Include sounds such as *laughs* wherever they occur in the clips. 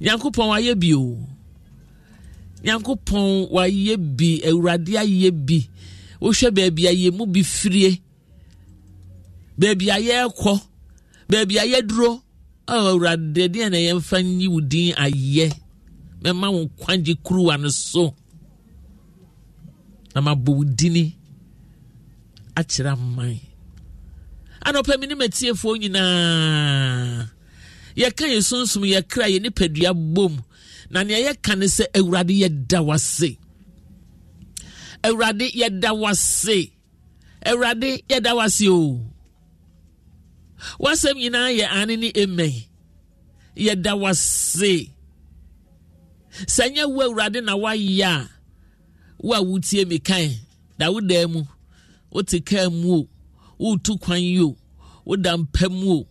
nyankopɔn wayɛ bi o nyankopɔn wayɛ bi awurade ayɛ bi wohwɛ baabi ayɛ mu bi firie baabi ayɛ kɔ baabi ayɛ duro awurade deɛ na yɛmfa nyi wo din ayɛ mɛma wo kwagye kuruwa no so na mabɔ wo dini akyerɛ aman anɔpɛ me ne matiefoɔ nyinaa yɛka yɛ sunsum yɛkra yɛ nipadua bom na nea yɛka ne sɛ awurade yɛda wase awurade yɛda wase awurade yɛda wase o wasɛm nyinaa yɛ ane ne ɛmɛn yɛda wase sɛ nyɛ wo awurade na woayɛ a wo a wotie me da wo daa mu wote kaa mu o woretu kwan yi o woda mpa mu o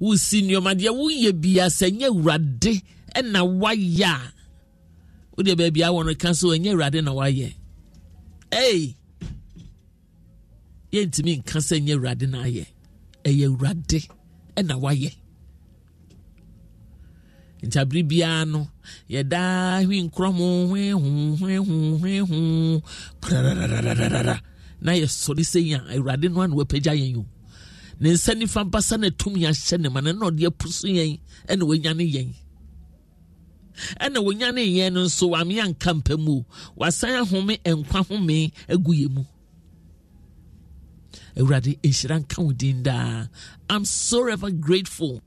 wosi nneɛma deɛ woyɛ bia sɛ nyɛ awurade ɛna wayɛ a wodeɛ baabi awɔ no ka so ɛnyɛ awurade na wayɛ ei yɛntumi nka sɛ nyɛ awurade na ayɛ ɛyɛ awurade ɛna wayɛ ntabere biara no yɛdaa hwi nkorɔmo hwehohwehohweho prararararara na yɛsɔre sɛ yi a awurade no a na wapagya yɛn o ne nsa nifa basa na tumi ahyɛ ne ma no na ɔde apuso yɛn ɛna wanyane yɛn ɛna wanyane yɛn no nso wame anka mpa mu wasan ahome nkwa home agu yɛ mu awurade nhyira nka wo din daa i'm so ever grateful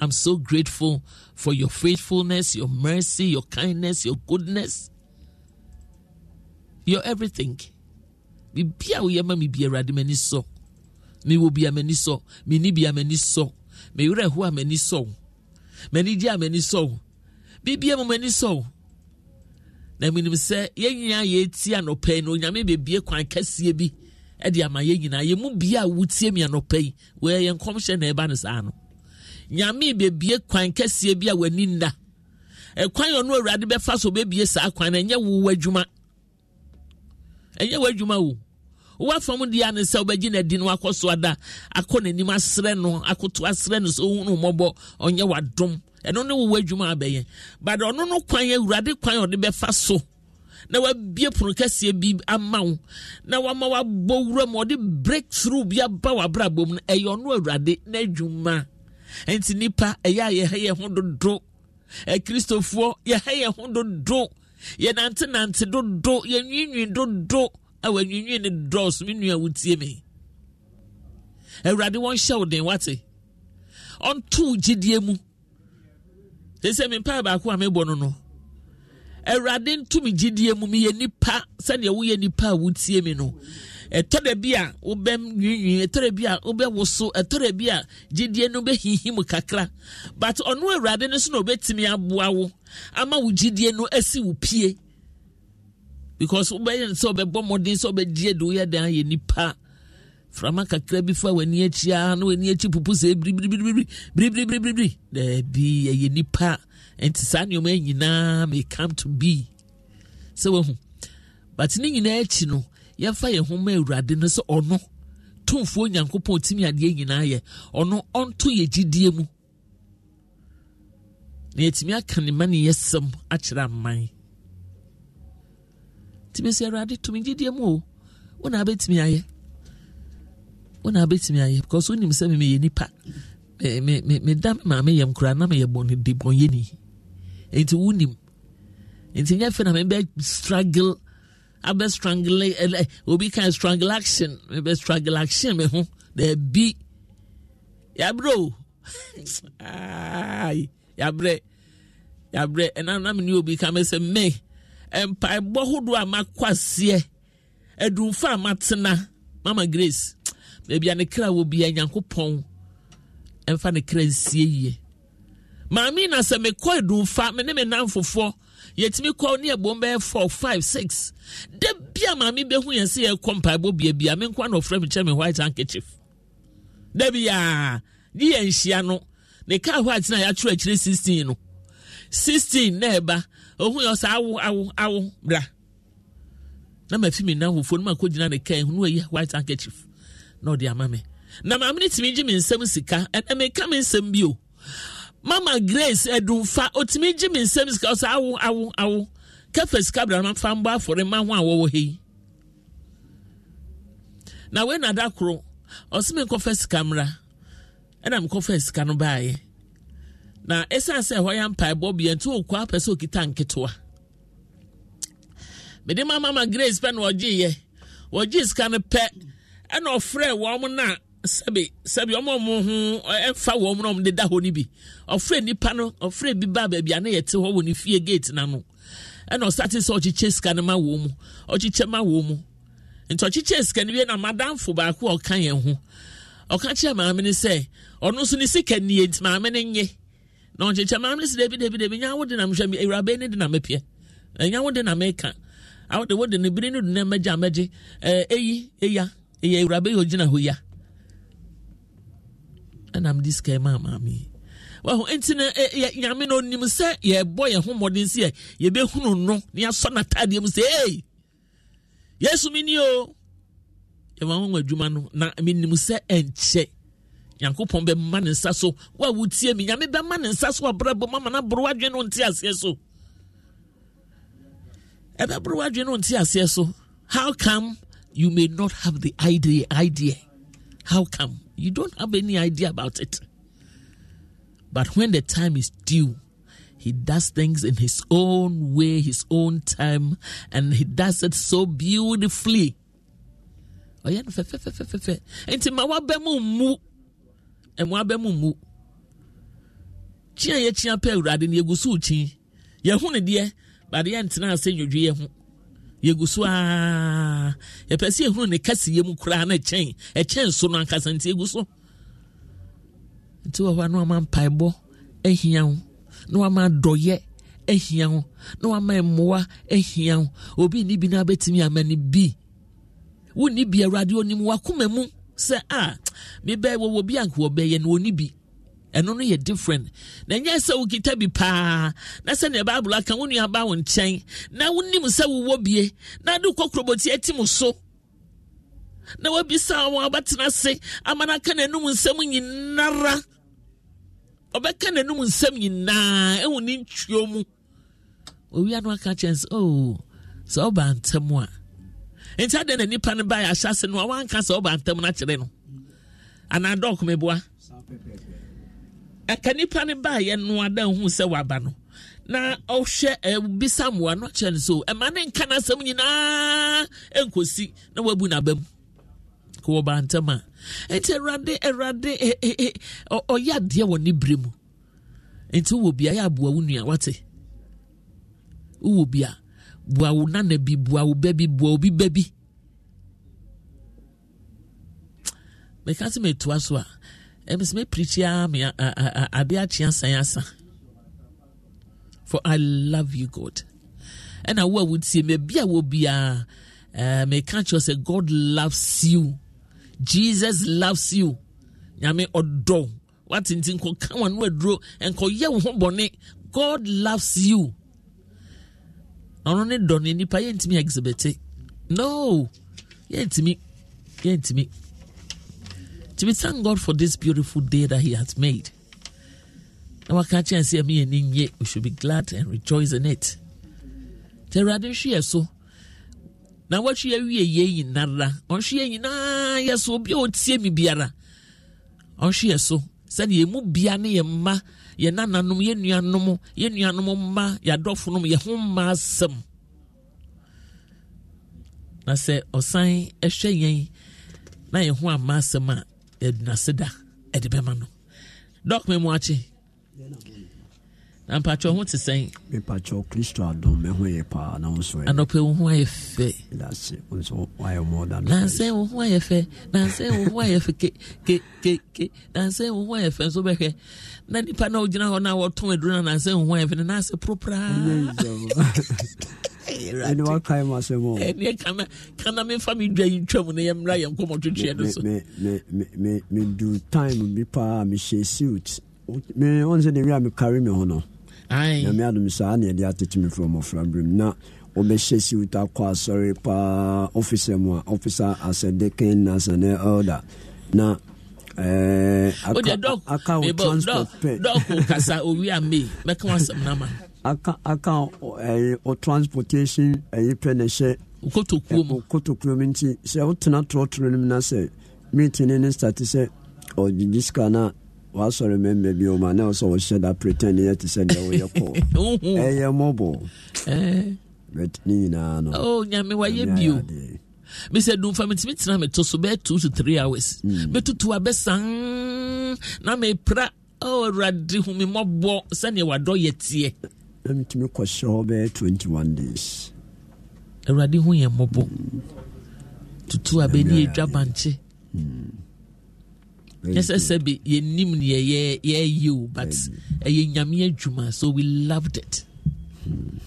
i'm so grateful for your faithfulness your mercy your kindness your goodness your everything biribi a woyɛ ma me bi awurade m'ani sɔ so. mewɔ bia m'ani sɔ menni bia m'ani sɔ mewerɛho a m'ani sɔ m'anigye a m'ani sɔ biribia mu m'ani sɔ na menim sɛ yɛn nyinaa yɛti anɔpɛ yi na onyame bebie kwan kɛseɛ bi ɛde ama yɛn nyinaa yɛn mu bia a wotie mi anɔpɛ yi wɔyɛ yɛn nkɔmhyɛ na ɛba no saa no nyame bebie kwan kɛseɛ bi a w'ani nna ɛkwan yɛ ɔno awurade bɛfa so bebie saa kwan na ɛnyɛ wo adwuma ɛnyɛ wo adwuma wo wowafam deɛ ne sɛ wobɛgye no adi no akɔ so ada akɔ n'anim asrɛ no akoto asrɛ no sɛ wohunu mmɔbɔ ɔnyɛ wadom ɛno ne wowɔ adwuma abɛyɛ but ɔno no kwan awurade kwan ɔde bɛfa so na wabie pono kɛseɛ bi ama wo na wama wabɔ wura mu ɔde break through bi aba wabrabɔ mu no ɛyɛ ɔno awurade n'adwuma nti nipa ɛyɛ a yɛhɛ yɛn ho dodo akristofoɔ yɛhɛ yɛn ho dodo yɛnantenante dodo yɛnwiinwii dodo a wɔanwiinwii ne dɔɔso me nua wotie me awurade wɔn hyɛ wo den wate ɔnto gyidie mu sɛ mempaa baako a mebɔ no no e awurade ntum gyidie mu meyɛ nipa sɛdeɛ woyɛ nipa a wotie mi no ɛtɔ e da bi a wobɛm nwinwin ɛtɔ e da bi a wobɛwoso ɛtɔ da bi a gyidie no bɛhinhim kakra but ɔno awurade no so na obɛtumi aboa wo ama wo gyidie no asi wo pie because wobɛyɛ sɛ ɔbɛbɔ mmɔden sɛ ɔbɛdi ade woyɛ dan yɛ nipa frama kakra bi fa w'ani akyia na w'ani akyi pupu sɛ biribiribiribiribiribiribiri daabi ɛyɛ nipa nti saa nneɛma nyinaa may come to be sɛ wahu but ne nyinaa akyi no yɛfa yɛn ho ma awurade no sɛ ɔno tumfuo nyankopɔn tumi adeɛ nyinaa yɛ ɔno ɔnto yɛ gyidie mu na yɛtumi aka ne ma ne yɛsɛm akyerɛ aman tumi sɛ awurade tumi gyidie mu o wo na abɛtumi ayɛ wo na abɛtumi ayɛ because wonim sɛ me meyɛ nipa meda me maame yɛ nkora na meyɛ bɔne de bɔnyɛni enti wonim enti nyɛ fɛ na mebɛ struggle abɛ strangle obi kan strangle action mebɛ strangle action me ho daabi yɛabrɛ o *laughs* yabrɛ yabrɛ ɛna na mene obi ka me sɛ me mpaebɔ hodoɔ a makɔ aseɛ adumfa a matena mama grace baabi a ne kra wɔ bia nyankopɔn ɛmfa ne kra nsie yie maame na sɛ mekɔ adumfa me ne me namfofoɔ yɛtumi kɔ ne ɛbom bɛyɛ four five six da bia maame bɛhu yɛn sɛ yɛkɔ mpaebɔ biabia me nkwa na ɔfrɛ me kyerɛ me white handkerchief da biaa ne yɛnhyia no ne kaa white no a yɛatwerɛ akyirɛ 16 no 16 na ɛba ohu yi ɔsɛ awo awo awo bra na ma fi mi nan hufuo no ma ko gyina ne kɛn no ayi white handkerchief na ɔde ama mi na maame ne tumi gye mi nsɛm sika ɛna mi ka mi nsɛm bi o mama grace ɛdunfa otumi gye mi nsɛm sika ɔsɛ awo awo awo kɛfɛ sika bra ma fa mbɔ afɔre ma ho a wɔwɔ he yi na wei na da koro ɔsɛ mi nkɔfɛ sika mra ɛna mi kɔfɛ sika no baayɛ. na ɛsiane sɛ ɛhɔ yɛ mpaebɔ bia nti ɔkɔ apɛ sɛ ɔkita nketewa mede ma mama grace pɛ na ɔgyeeɛ wɔgye sika no pɛ ɛna ɔfrɛ wɔn na sɛbi sɛbi wɔn a wɔn ho wɔn na wɔn deda hɔ no bi ɔfrɛ nipa no ɔfrɛ bi ba baabi te hɔ wɔ ne fie gate n'ano ɛna ɔsate sɛ ɔkyekyɛ sika no ma wɔn ma wɔn mu sika no na madamfo baako a ɔka yɛn ho ɔka kyerɛ maame no sɛ ɔno nso ne sika nie nti maame no nye na ɔnkyekyɛ maa mi si dabi dabi dabi nya awode na mehwɛ mi ewurabe ne de na mepeɛ nya awode na meka awode wode ne biri ne do ne mɛgye amɛgye ɛɛ eyi eya eya ewurabe yi ogyina hɔ ya ɛna mo di sika maa maame yi wɔho nti na ɛ nyame na onim sɛ yɛbɔ yɛn ho mmɔden si yɛ yɛbɛhunu no na yɛasɔ n'ataadeɛ mu sɛ ee yesu mi ni o yɛn wɔn adwuma no na mi nim sɛ ɛnkyɛ. nyankopɔn bɛma ne nsa so wo a wotie me nyame bɛma ne nsa so abrabɔ mama no no nte aseɛ so no nte aseɛ so how come you may not have the idea idea how come you don't have any idea about it but when the time is due he does things in his own way, his own time, and he does it so beautifully. Ɔyɛ no fɛfɛfɛfɛfɛ. Nti ma Enti bɛ mu ɛmo abɛmu mu kyia yɛkyia pɛ awurade no yɛgu so wo kyi yɛho ne deɛ bade yɛntena ase nwodwe yɛ ho yɛgu so aa yɛpɛ sɛ yɛhunu ne kaseyɛ mu koraa no ɛkyɛn ɛkyɛn so no ankasa nti yɛgu so nti wɔ hɔ a na wama mpaebɔ ahia ho na wama dɔyɛ ahia ho na wama mmoa ahia ho obi nni bi no abɛtumi ama ne bi wonni bi awurade onim wakoma mu sɛ a mebɛɛ wɔwɔ bi anka wɔbɛyɛ no ɔni bi ɛno no yɛ different na ɛnyɛ sɛ wokita bi paa na sɛnea bible aka wo nuaba wo nkyɛn na wonim sɛ wowɔ bie na de wokɔ kurobɔti atim so na wabisa wɔn abɛtena ase ama no aka n'anum nsɛm nyinara ɔbɛka n'anum nsɛm nyinaa ɛwɔ ne ntwio mu owia no aka kyɛn sɛ oo oh, sɛ ɔba ntɛm a nti adeɛ na nipa no baa ahyɛ ase no a wanka sɛ ɔba ntam no akyerɛ no anaa dɔɔko meboa ɛka nipa no baa yɛ no ada hu sɛ waba no na ɔhwɛ ɛbisa mmoa no kyerɛ no so oh, ɛma ne nka n'asɛm nyinaa nkosi na wabu n'aba mu kɔ wɔ ntam a nti awurade awurade ɔyɛ adeɛ wɔ ne bere mu nti wɔ bia yɛ aboa wo nua wate wɔ bia bua wo nana bi bua wo bɛ bi bua obi bɛ bi mɛka sɛ so a eh, a for i love you god ɛna wo a I me bi a Me biara not eh, mɛka kyerɛ sɛ god loves you jesus loves you nyame ɔdɔ woatentin nkɔka wa no aduro nkɔyɛ wo ho bɔne god loves you ɔno ne dɔ no nipa yɛntumi exhibit no yɛntumi yɛntumi nti we thank god for this beautiful day that he has made na waka kyerɛ sɛ ɛmi yɛn ni we should be glad and rejoice in it nti awurade nhwi yɛ so na wɔatwi awie yɛ nyinara ɔnhwe yɛ nyinaa yɛ so obi a ɔtie mi biara ɔnhwe so sɛdeɛ emu bia ne yɛ mma yɛn nananom yɛn nuanom yɛn nuanom mma yɛn adɔfonom yɛn ho mma asɛm na sɛ ɔsan ɛhwɛ yɛn na yɛn ho amma asɛm a yɛdunase da ɛde bɛma no dɔkuma mu akyi na mpatwɛ ho te sɛn mepatwɛ kristo adom me ho yɛ paa na wo so anɔpɛ wo ho ayɛ fɛ nansɛ wo ho ayɛ fɛ nansɛ wo ho ayɛ fɛ kekeke nansɛ wo ho ayɛ fɛ nso bɛhwɛ na nipa na wogyina hɔ na wɔtɔn aduro na nansɛ wo ho ayɛ fɛ ne nansɛ poroporaa ɛne wakae ma sɛ mɔ kana memfa me dwa yi twam no yɛmmra yɛ nkɔmmɔtwetweɛ no so medu time bi paa mehyɛ suit me ɔn sɛ ne wie a mekare me ho no nyame adom saa ne ɛde atete me firi ɔmɔfra berɛm na wobɛhyɛ si wota kɔ asɔre paa ofisa mu a ofisa asɛde ken nasane elder na eh, oh, aka wo transport pɛ oh, oh, aka eh, wo transportation ɛyi eh, pɛ ne hyɛ kotokuo mu nti sɛ wotena torɔtoro no mu na sɛ meetine ne starte sɛ ɔgyegye sika no a wasɔre me mmerɛ bio ma na sɛ wɔhyɛ da pretend yɛ te sɛ deɛ woyɛ kɔ ɛyɛ mmɔbɔ but ne nyinaa no nyame oh, wayɛ bio mesɛ dumfa metumi tena meto so bɛyɛ two to three hours mɛtutu a bɛsan na mepra awurade humi mmɔbɔ sɛneɛ wadɔ yɛ teɛ na metumi kɔhyɛ hɔ bɛyɛ 21 days awurade ho yɛ mmɔbɔ tutu a bɛni ɛdwa bankye mm ɛsɛ sɛ bi yɛnim neɛ yɛyɛ o but ɛyɛ eh, nyame adwuma so we loved it hmm.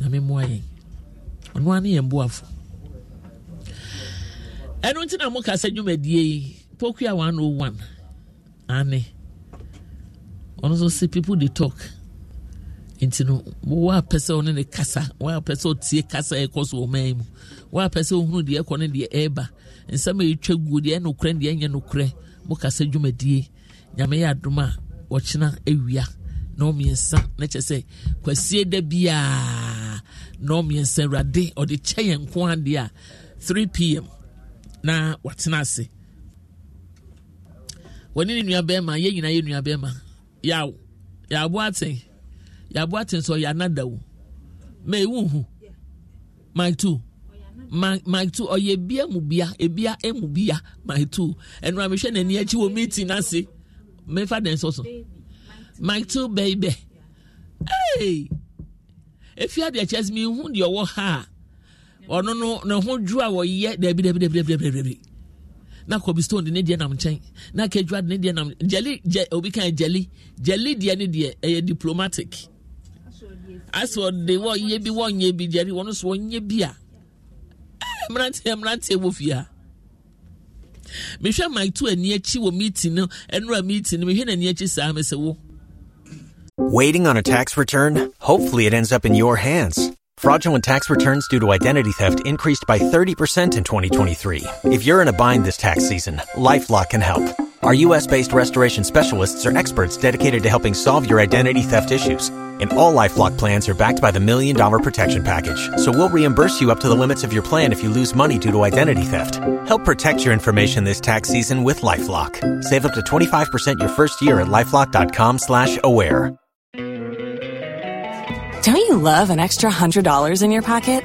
nyame mmoa yɛn ɔno ara ne yɛn boafo ɛno nti na moka sɛ dwumadie yi pokua 101 ane ɔno nso sɛ people dey talk nti no woapɛ sɛ ɔne ne kasa woapɛ sɛ ɔtie kasa ɛkɔ so wɔ man mu woapɛ sɛ ɔhunu deɛ ɛkɔ ne deɛ ɛreba nsɛm a ɛtwa guo deɛ ɛnokorɛ ne deɛ ɛnyɛ nokorɛ kasa dwumadie nyame yɛ adom a wɔkyena awia na ɔmiɛnsa na kyɛ sɛ kwasie da biaa na ɔmiɛnsa awurade ɔde kyɛ yɛn nko adeɛ a 3 pm na watena ase wɔne ne nuabɛrima yɛ nyinaa yɛ ya yaw yɛabo aten yɛabo aten sɛ ɔyɛ anadawo ma ɛwu hu my 2 my my two ɔyɛ oh, ebia mu bia ebia emu bia my two ɛnura mi hwɛ n'ani akyi wɔ meeting n'ase mɛfa dɛn so so my two baby hey efi adi ɛkyɛ mi hu deɛ ɔwɔ ha ɔno no ne ho dwo a wɔyɛ dɛbi dɛbi dɛbi dɛbi dɛbi na kɔbi stone de ne deɛ nam nkyɛn na kedwa de ne deɛ nam jelly jɛ obi kan jelly jelly deɛ ne deɛ ɛyɛ diplomatic asɔ de wɔnyɛ bi wɔnyɛ bi jelly wɔn nso wɔnyɛ bi a. mmeranteɛ mmeranteɛ wɔ fie mehwɛ mike to ani akyi wɔ meeting no meeting no mehwɛ n'ani akyi saa mesɛ wo Waiting on a tax return? Hopefully, it ends up in your hands. Fraudulent tax returns due to identity theft increased by 30% in 2023. If you're in a bind this tax season, LifeLock can help. Our U.S. based restoration specialists are experts dedicated to helping solve your identity theft issues and all LifeLock plans are backed by the Million Dollar Protection Package. So we'll reimburse you up to the limits of your plan if you lose money due to identity theft. Help protect your information this tax season with LifeLock. Save up to 25% your first year at LifeLock.com slash aware. Don't you love an extra $100 in your pocket?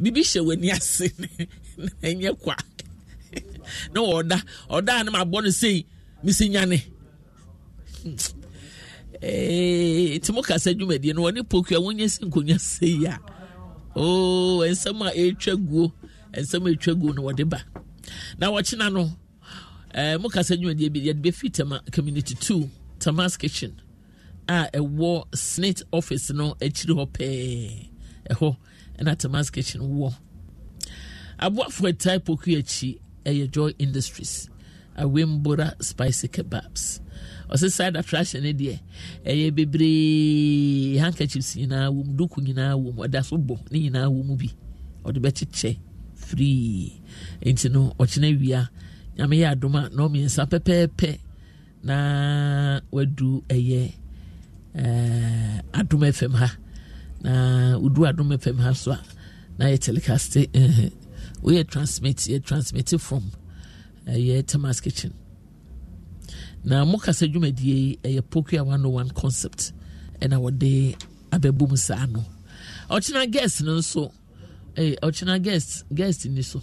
biribi hyɛ w'ani ase na kwa na ɔda ɔda no mabɔ no sei mesi nyane nti mo kasa dwumadie no wɔne pokua wonyɛ sɛ nkonnwa sei a oo nsɛm a ɛtwa guo nsɛm a ɛtwa guo no wɔde ba na wɔkyena no eh, mo kasa dwumadie bi yɛde bɛfi tama community two, tamas kitchen a ɛwɔ snit office no akyiri hɔ pɛɛ ɛhɔ e ɛna tamas kitchen wɔ aboafo atai poku akyi ɛyɛ joy industries awembora spicy kebabs ɔsɛ side attraction no deɛ ɛyɛ bebree handkerchiefs nyinaa wɔ mu duku nyinaa wɔ mu ɔda so bɔ ne nyinaa wɔ bi ɔde bɛkyekyɛ free nti no ɔkyena wia nyame yɛ adom a na ɔmiɛnsa pɛpɛɛpɛ na wadu ɛyɛ uh, adom fm ha na odu adom fm ha so a na yɛ telecast eh, woyɛ transmit yɛ transmit from ɛyɛ eh, temas kitchen na mo kasa dwumadie yi ɛyɛ pokia 101 concept ɛna wɔde abɛbɔ mu saa no ɔkyena guest no nso ɛyɛ eh, ɔkyena guest guest ni so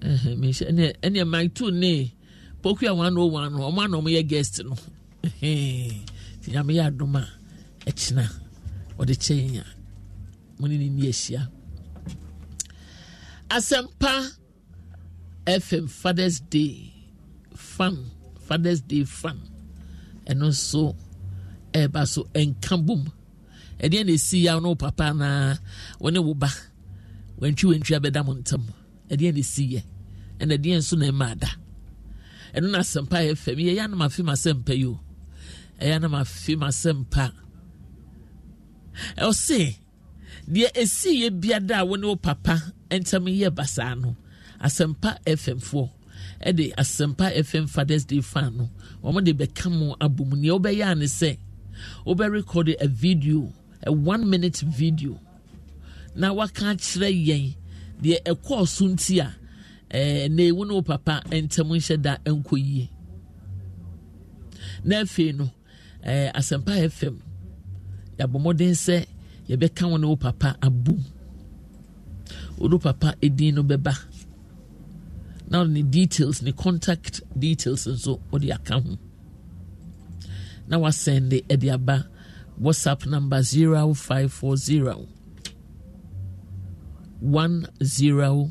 mehyɛ ɛnɛ ɛnɛ mic two ne pokia 101 no ɔmo anɔ mo yɛ guest no *laughs* nyame yɛ adom a ɛkyena ɔde kyɛ yɛn a mo ne ne ni ahyia asɛmpa fm fathers day fan fathers day fan ɛno nso ɛreba so nka bom ɛdeɛ na ɛsi yaw no papa na wo ne wo ba wantwi wantwi abɛda mo ntam ɛdeɛ na ɛsi yɛ ɛna ɛdeɛ nso na ɛma ada ɛno na asɛmpa fm yɛyɛ anam afe ma asɛmpa yi o ɛyɛ anam afe ma asɛmpa ɔse deɛ ɛsiiɛ biada a wo ne wo papa ntam yɛ basaa no asɛmpa fmfoɔ ɛde asɛmpa fm fathers day fan no ɔmo de bɛka mu abom nea wobɛyɛ a ne sɛ wobɛrekɔde a video a one minute video na waka akyerɛ yɛn deɛ ɛkɔɔ so nti a ɛɛ na ewu ne wo papa ntam nhyɛ da nkɔ yie na afei no ɛɛ asɛmpa fm yɛabɔ mmɔden sɛ yɛbɛka wo ne papa abom wode papa edin no bɛba na ne details ne contact details nso wode aka ho na wasɛnde ɛde aba whatsapp number zero five four zero one zero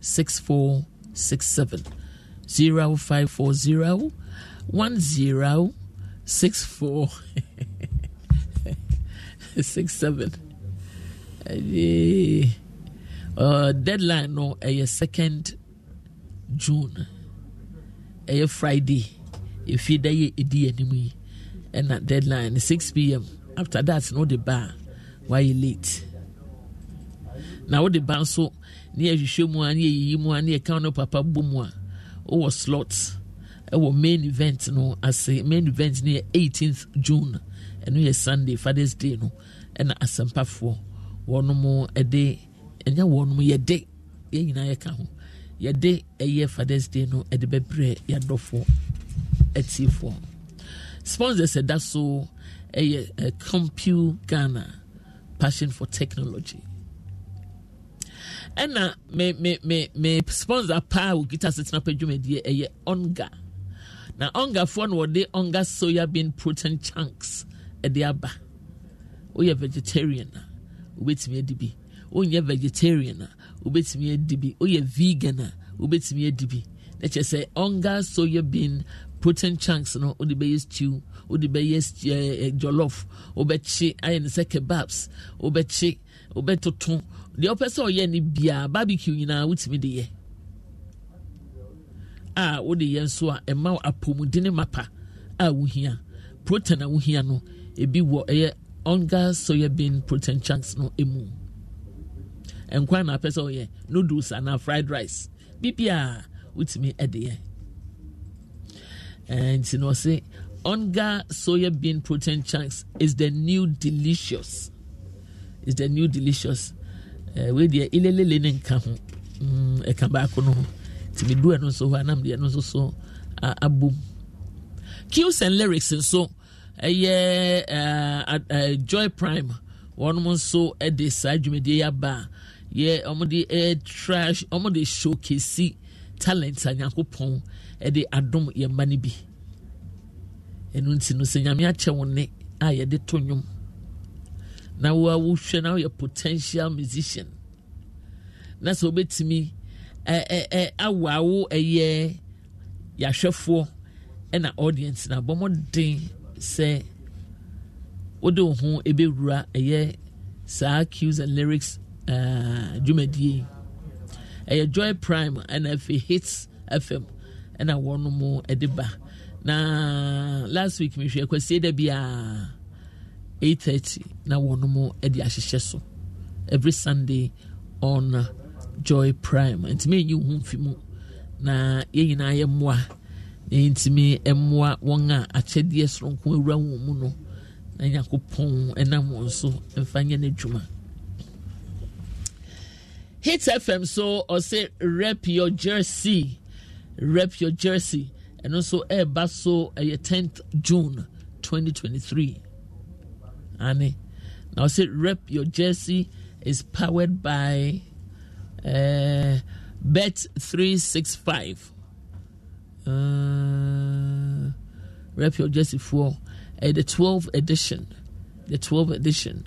six four six seven zero five four zero one zero six four 106467 *laughs* *laughs* six seven. Uh, deadline no ɛyɛ second June ɛyɛ Friday If you die edi anim and that deadline six pm after that no de ba Why late Now what the bar so near you show a ne you mu no papa boom. mu slots? wowɔ slot main event no ase main event near 18th June ɛno yɛ sunday fathers day no ɛna asɛmpafoɔ wɔnom ɛde ɛnyɛ wɔnom yɛde yɛn nyinaa yɛka ho yɛde ɛyɛ fathers day no ɛde bɛbrɛ yɛadɔfoɔ atiefoɔ sponsors ɛda so ɛyɛ uh, eh, compu ghana passion for technology ɛna me me me me sponsor paa okita setena pɛ dwumadie ɛyɛ onga na ongafoɔ no wɔde onga soya bean protein chunks ɛde aba woyɛ vegetarian a wobɛtumi adi bi wonyɛ vegetarian a wobɛtumi adi bi woyɛ vegan a wobɛtumi adi bi na kyerɛ sɛ ɔnga soya bean protein chunks no wode bɛyɛ stew wode bɛyɛ jollof wobɛkye ayɛ no sɛ kebabs wobɛkye wobɛtoto deɛ wopɛ sɛ ɔyɛ no biaa barbecue nyinaa wotumi de yɛ a wode yɛ nso a ɛma apɔmudene mapa a wohia protein a wohia no ebi wɔ ɛyɛ onga soyabin protein chunks no emu nkwan na apɛ sɛ ɔyɛ noodles anaa fried rice bibi a wotumi ɛde yɛ nti na ɔse onga soyabin protein chunks is the new delicious is the new delicious uh, wei deɛ ilelele ne nka ho mm, ɛka mm, baako no ho tìmí du ɛno nso hɔ anam deɛ ɛno nso so abom cues and lyrics nso. So, ɛyɛ eh, eh, joy prime wɔnom nso eh, de saa dwumadie yi aba a yɛ ɔmode trash show kesi talent a nyankopɔn de adom yɛ mma no bi ɛno nti no sɛ nyame akyɛ wo ne a yɛde to nnwom na wo a wohwɛ na woyɛ potential musician na sɛ wobɛtumi awoa wo ɛyɛ yɛahwɛfoɔ ɛna audience na bɔ mmɔden sɛ wode wo ho ɛbɛwura ɛyɛ saa cues and lyrics uh, dwumadie uh, ɛyɛ joy prime ɛna afei hits fm ɛna wɔn mu ɛde ba na last week mehwɛ akwasie da bi 8:30 na wɔn mu ɛde ahyehyɛ so every sunday on joy prime ntumi eyi wo ho mfi mu na yɛn nyinaa yɛ mmoa ɛntumi mmoa wɔn a akyɛdeɛ soronko awura wɔn mu no na nyankopɔn ɛnam wɔn so mfa nyɛ n'adwuma hit fm so ɔsɛ rep your jersey rep your jersey ɛno nso ɛreba so ɛyɛ eh, 10th june 2023 ane na ɔsɛ rep your jersey is powered by uh, bet 365 uh, Rapio Jesse Four, uh, the 12th edition. The 12th edition.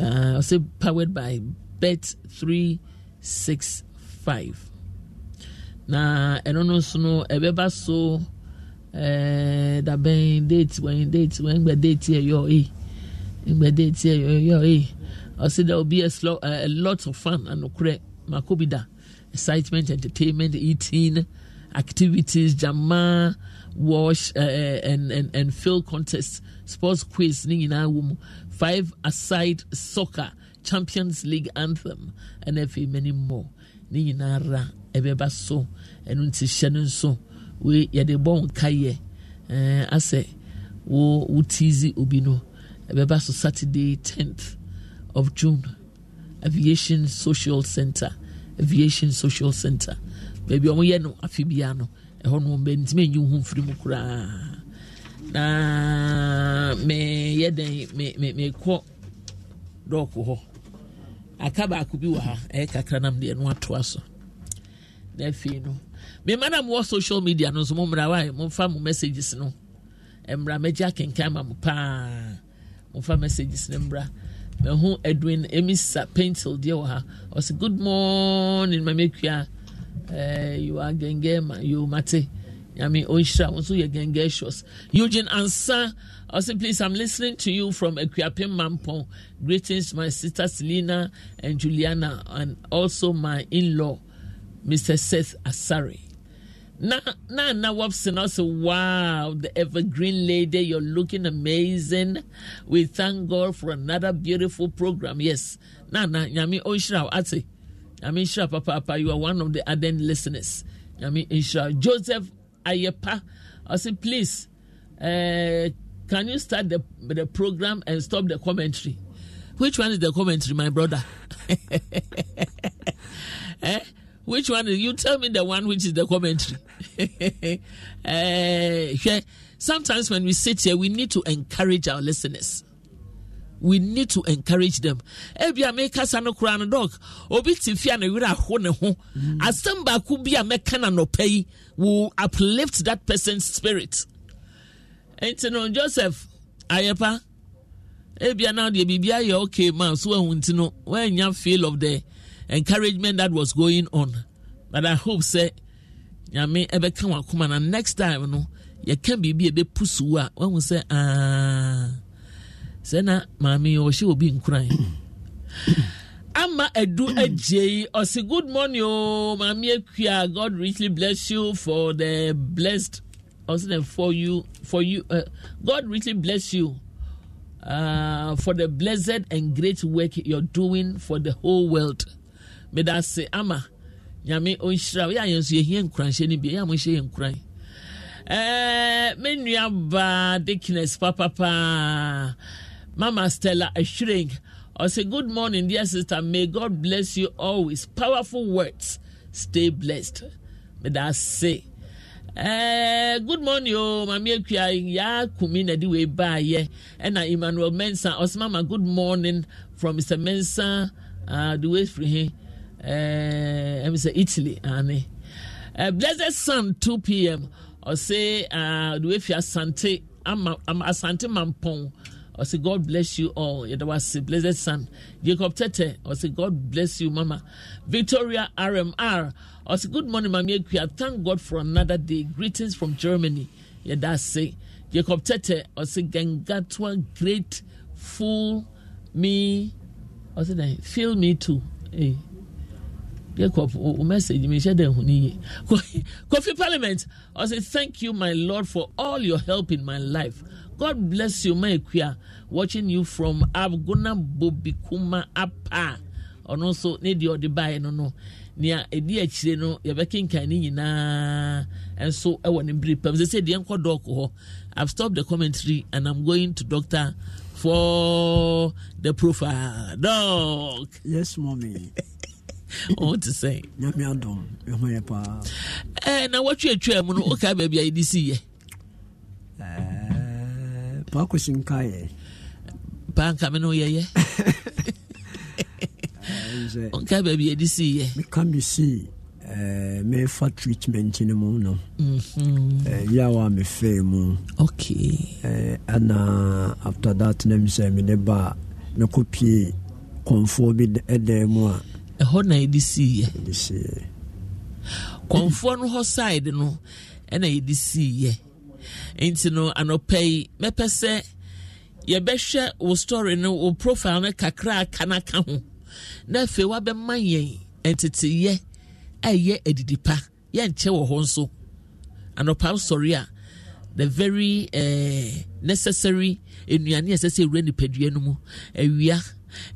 Uh, I say powered by Bet365. Na ɛno no nso no ɛbɛba so ɛɛ dabɛn date wɛn date wɛn gbɛ date yɛ yɔ e gbɛ date yɛ yɔ yɔ e ɔsi there will be a, slow, uh, a lot of fun anokorɛ mako bi excitement entertainment eating. activities, jama, wash, uh, and, and, and fill contests, sports quiz, five aside soccer, Champions League anthem, and many more. Nini nyinaa ra ɛbɛba so ɛno we yadebon bɔ nkayɛ ɛɛ eh, asɛ wo wo tiizi so Saturday 10th of June aviation social center aviation social center baabi ɔmo yɛ no afe bia no ɛhɔ no bɛ ntumi enyi ho mfiri mu koraa na me yɛ dɛn me me me kɔ dɔɔko hɔ aka baako bi wɔ ha ɛyɛ kakra nam deɛ no atoa so na afei no mema na mowɔ social media no nso mommra wa momfa mo messages no mmra mɛgye akenkan ma mo paa momfa messages no mmra mahu edwin emisa pencil deɛ wɔ ha ɔse good morning mamakua Eh, you are genge you mate I nyame ɔnhyira wo you yɛ genge shows eugene I say, please i'm listening to you from akuapem mampɔn greetings my sister selina and juliana and also my in-law mr seth asare na na na Wobson also wow the evergreen lady you're looking amazing we thank god for another beautiful program yes na na mean, ɔnhyira wo ate Nyame nhyira Papa. You are one of the ardent listeners. mean, sure, Joseph Ayepa. I say, please, uh, can you start the, the program and stop the commentary? Which one is the commentary, my brother? *laughs* eh? Which one is you tell me the one which is the commentary? uh, *laughs* Sometimes when we sit here, we need to encourage our listeners we need to encourage them ebi a meka sa no kura no dog obi ti fi a ne werɛ aho ne ho mm. asɛm baako bi a na nɔpɛ will uplift that person's spirit nti no joseph ayepa ebi now the biribi ayɛ okay ma so to know when you feel of the encouragement that was going on but i hope sɛ nyame ɛbɛka wa kuma na next time no be biribi a ɛbɛ pusu a wɔn sɛ aaah sɛ na maame ɔhyɛ obi nkuran *coughs* ama edu agye yi ɔsi good morning o maame akua god richly bless you for the blessed ɔsi na for you for you uh, god richly bless you uh, for the blessed and great work you're doing for the whole world meda se ama nyame ɔnhyira yɛ a yɛn nso yɛhia nkuranhyɛ no bi yɛ a mohyɛ yɛ nkuran ɛɛ eh, me nua baa dickness papapaa. Mama Stella shrink. I say, Good morning, dear sister. May God bless you always. Powerful words. Stay blessed. May that say. Eh, good morning, oh, Mami Ekua, ya kumi na di we ba ye. Ena Emmanuel Mensa, mama, good morning from Mr. Mensa, uh, the way free here. Eh, uh, Mr. Italy, ane. Uh, eh, blessed Sun, 2 p.m. I say, uh, the way for Asante, am a sante Mampong. I say, God bless you all. There was blessed son. Jacob Tete. I say, God bless you, Mama. Victoria RMR. I say, Good morning, Mami Equia. Thank God for another day. Greetings from Germany. I say Jacob Tete. I say, Gengatwa, great fool me. I say, Feel me too. Hey. Eh. Jacob, message me share *laughs* Coffee Parliament. I say, Thank you, my Lord, for all your help in my life. God bless you, my queer. Watching you from Abgona Bobikuma Apa. Ɔno nso ne deɛ ɔde baeɛ no no nea ɛdi eh, akyire no yɛbɛkenkan ne nyinaa eh, nso wɔ ne bere pam they said the nkɔ dɔɔko hɔ I've stopped the commentary and I'm going to doctor for the profile dog. Yes, mommy. ɔn ti sɛn. nyame adum ɛho yɛ paa. ɛɛ eh, na wɔtwe atwa mu no o kaa baabi a yɛ di paakɔsi nkaeɛ paanka me ne woyɛyɛ nka baabi yɛde siiyɛ meka eh, me sii Uh, mefa treatment no mu no mm-hmm. eh, yaw a mefɛe mu eh, ana after that na m sɛ mede ba a mekɔpie kɔnfoɔ bi ɛdɛn e mu a ɛhɔ na yɛde siiɛ kɔnfoɔ no hɔ side no ɛna yɛde siiɛ nti no anɔpɛ yi mɛpɛ sɛ yɛbɛhwɛ wo story no wo profile no kakra aka no aka ho na afei woabɛma yɛn nteteyɛ ɛyɛ adidi pa yɛnkyɛ wɔ hɔ nso anɔpa sɔre a the very uh, necessary nnuane a ɛsɛ sɛ ɛwura nipadua no mu awia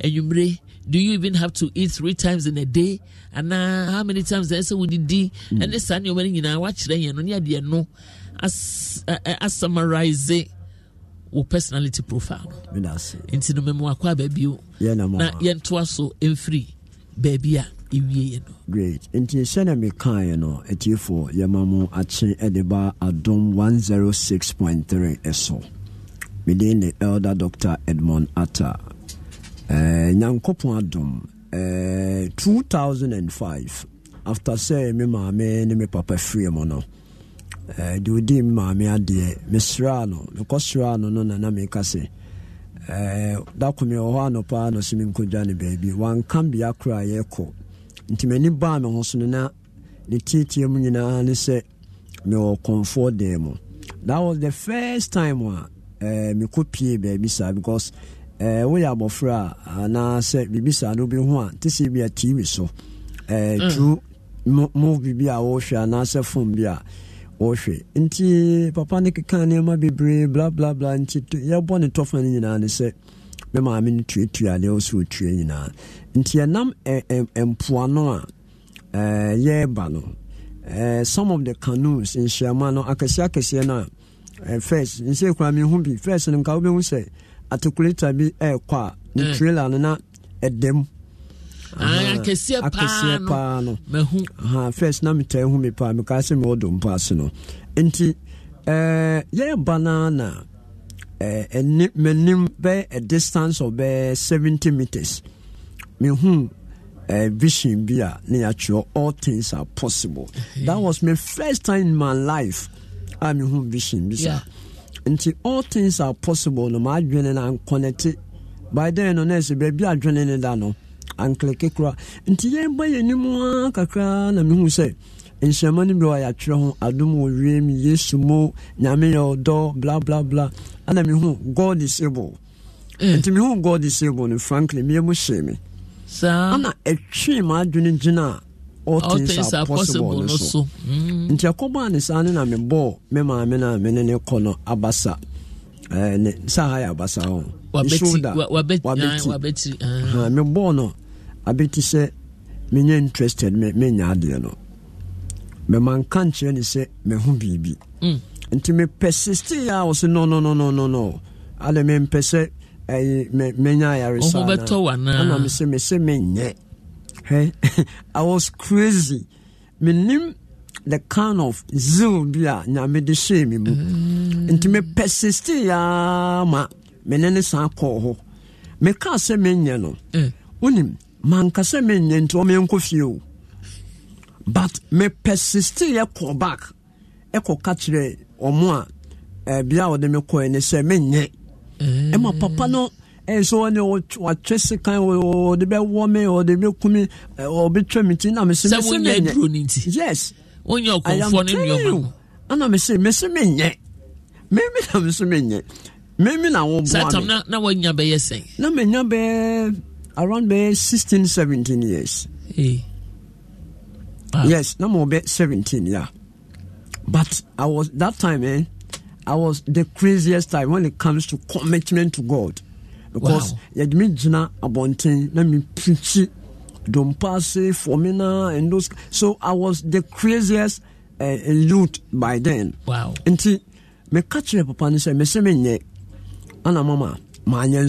anwummere do you even have to eat three times in a day anaa how many times ɛsɛ sɛ wodidi hmm. ɛne saa nneɔma no nyinaa woakyerɛ yɛn no ne adeɛ no as, uh, eh, eh, asummarize wo personality profile nti no memu akɔ aba bio na yɛntoa so ɛmfiri baabi a ɛwieɛ no great nti sɛne mekaeɛ no atiefoɔ yɛma mo akye de ba adom 106.3 ɛso meden ne elder dr edmond atta uh, nyankopɔn adom uh, 2005 after sɛ me maame ne me papa fie mu no deɛ eh, ɔdi maame adeɛ mesraa no mekɔsraa no no nana meka sɛ eh, da kome wɔ hɔ anɔpaa na ɔsɛ baabi wanka bea koraa yɛkɔ nti m'ani baa me ho so no na ne tietie mu nyinaa ne sɛ mewɔ kɔnfoɔ dan mu that was the first time a eh, mekɔpie baabi saa because woyɛ abɔfra a anaasɛ biribi saa no wobɛhu a te sɛ bia tv so mm. tru mo biribi a wɔhwɛ anaasɛ fom bi a wɔhwɛ nti papa no keka nneɛma bebree blablabla nti yɛbɔ ne tɔfa no nyinaa ne sɛ me maame no tuatua deɛ ɔsɛ ɔtua nyinaa nti ɛnam mpoano a yɛreba no some of the canoes nhyiama no akɛseɛ akɛseɛ no a first nsɛ kora mehu bi first no nka wobɛhu sɛ articulator bi ɛrekɔ a ne mm. trailer no na ɛdam akɛseɛ paa no mahu first na metaa hu me paa mekaa sɛ mewɔ dompo ase no nti eh, yɛyɛ ba naa na eh, m'anim bɛyɛ a distance of bɛyɛ eh, 70 meters mehu uh, vision bi a ne yɛatwerɛ all things are possible that was my first time in my life a mehu vision bi saa yeah. nti all things are possible no maadwene no ankɔnɛte by then no na ɛsɛ baabi adwene ne da no ankleke kora nti yɛn ba yɛn anim a kakra na mehu sɛ nhyiama no bi wɔ yɛatwerɛ ho adom wɔ wiem yesu mo nyame yɛ ɔdɔ blablabla ana mehu god is able mm. nti mehu god is able no frankly meɛ mu hyee me ana ɛtwee maadwene gyina a all things, all things are, are possible, possible no so mm. nti ɛkɔbaa ne saa ne na mebɔɔ me maame na, a mene ne kɔ no abasa saa ha yɛ abasa ho shoulder wabɛti ah, ah. mebɔɔ no abɛti sɛ menyɛ interested menya adeɛ no mɛma nka nkyerɛ ne sɛ mɛho biribi mm. nti mepɛ sistee a wɔ sɛ no no no no no no ale mempɛ sɛ ɛyi mɛnya ayaresaana mesɛ mesɛ menyɛ hɛ *laughs* i was crazy nim the kind of zeal bi a nyame de hyɛɛ me mu mm. nti mepɛ sistee aa ma mene ne ne saa kɔɔ hɔ mekaa sɛ menyɛ no eh. wonim mm mankasa menyɛ nti ɔmenkɔ fie o but mepɛsiste yɛ kɔ back ɛkɔ ka kyerɛ ɔmo a bia a wɔde me kɔɛ ne sɛ menyɛ mm. ɛma papa no ɛyɛ sɛ wɔne watwe sekan wɔde bɛwɔ me wɔde bɛkumi ɔbɛtwa me ti na mese mese menyɛ yes I am telling you ana mese mese menyɛ meme na mese menyɛ meme na wɔboa me na wanya bɛyɛ sɛn na menya bɛɛ around bɛyɛ 16 17 years hey. Ah. yes no more ɔbɛ 17 yeah but i was that time eh, i was the craziest time when it comes to commitment to god because yɛde me gyina abɔnten na me preachi dompase formina and those so i was the craziest uh, youth by then wow nti meka kyerɛ papa no me me me ana mama maanyɛ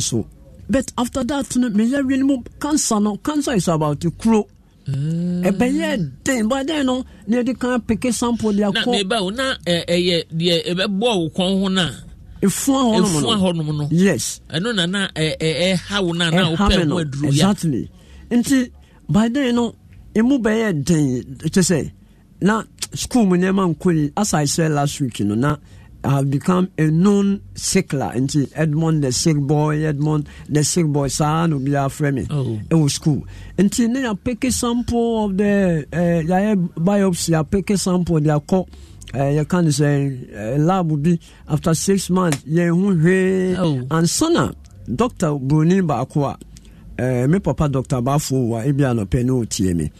but after that no meyɛ win mu cancer no cancer is about kuro ɛbɛyɛ den bɔ then, no na yɛde kan peke sample de akɔ. na meba o na ɛyɛ deɛ ɛbɛbɔ o kɔn ho na. efuwa hɔnom no efuwa hɔnom no yes ɛno eh, na na ɛɛha eh, eh, wo na na o pɛ ho aduro ya exactly nti by then no emu bɛyɛ den kyesɛ na school mu nneɛma nkoli as i said last week you know, na have become a known sickler nti edmond the sick boy edmond the sick boy saa na obiara frɛ me oh. ɛwɔ school nti ne yɛapeke sample of the uh, yɛayɛ biopsy yɛapeke sample they de akɔ eh, yɛka no sɛ eh, lab be after six months Yeah, hwee oh. ansa na dr broni baako uh, me papa dr baafoɔ wɔ a ebia nɔpɛ ne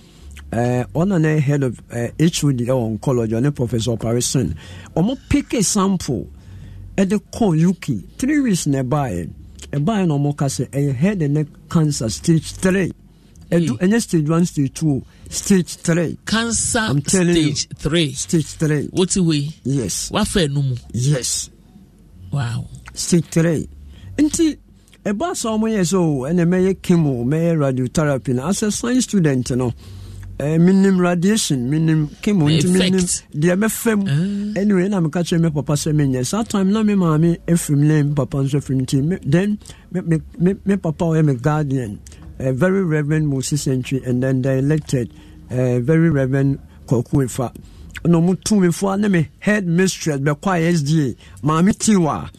ɔna ne head of hod ɛwɔ oncology ɔne professor operation ɔmo peke sample de kɔn yuki three weeks na ɛbaeɛ ɛbaeɛ na ɔmo ka sɛ ɛyɛ head and neck cancer stage three ɛdu ɛnyɛ hmm. stage one stage two stage three. cancer stage three. stage three. wotu wei. yes. wafɛ numu. yes. wow. stage three nti ɛbaasa ɔmo yɛ sɛ o ɛna mɛyɛ chemo mɛyɛ radiotherapy na asɛ science student you no. Know, Eh, menim radiation menim kemo nti menim deɛ mɛfam ah. anyway na meka kyerɛ me papa sɛ menyɛ saa time na me maame afirim ne me papa nso afirim nti then me, papa ɔyɛ me guardian uh, very reverend moses entry and then the elected uh, very reverend kɔko ifa na ɔmo tumifoɔ ne me head mistress bɛkɔ a sda maame tiwa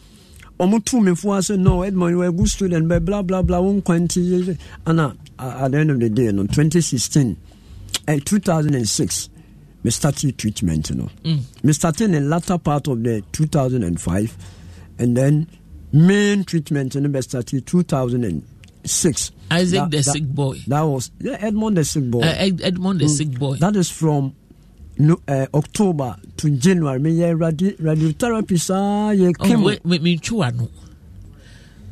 ɔmo tumifoɔ sɛ no edmond you are a good student bɛ bla bla bla wo nkwa nti ana at the end of the day no 2016 In eh, 2006 me started treatment you know mm. me started in the latter part of the 2005 and then main treatment in the started 2006 Isaac that, the that, sick boy that was yeah, Edmond the sick boy uh, Edmond the mm. sick boy that is from no, uh, October to January me yeah radi- radiotherapy saa yeah oh, came oh, wait, me no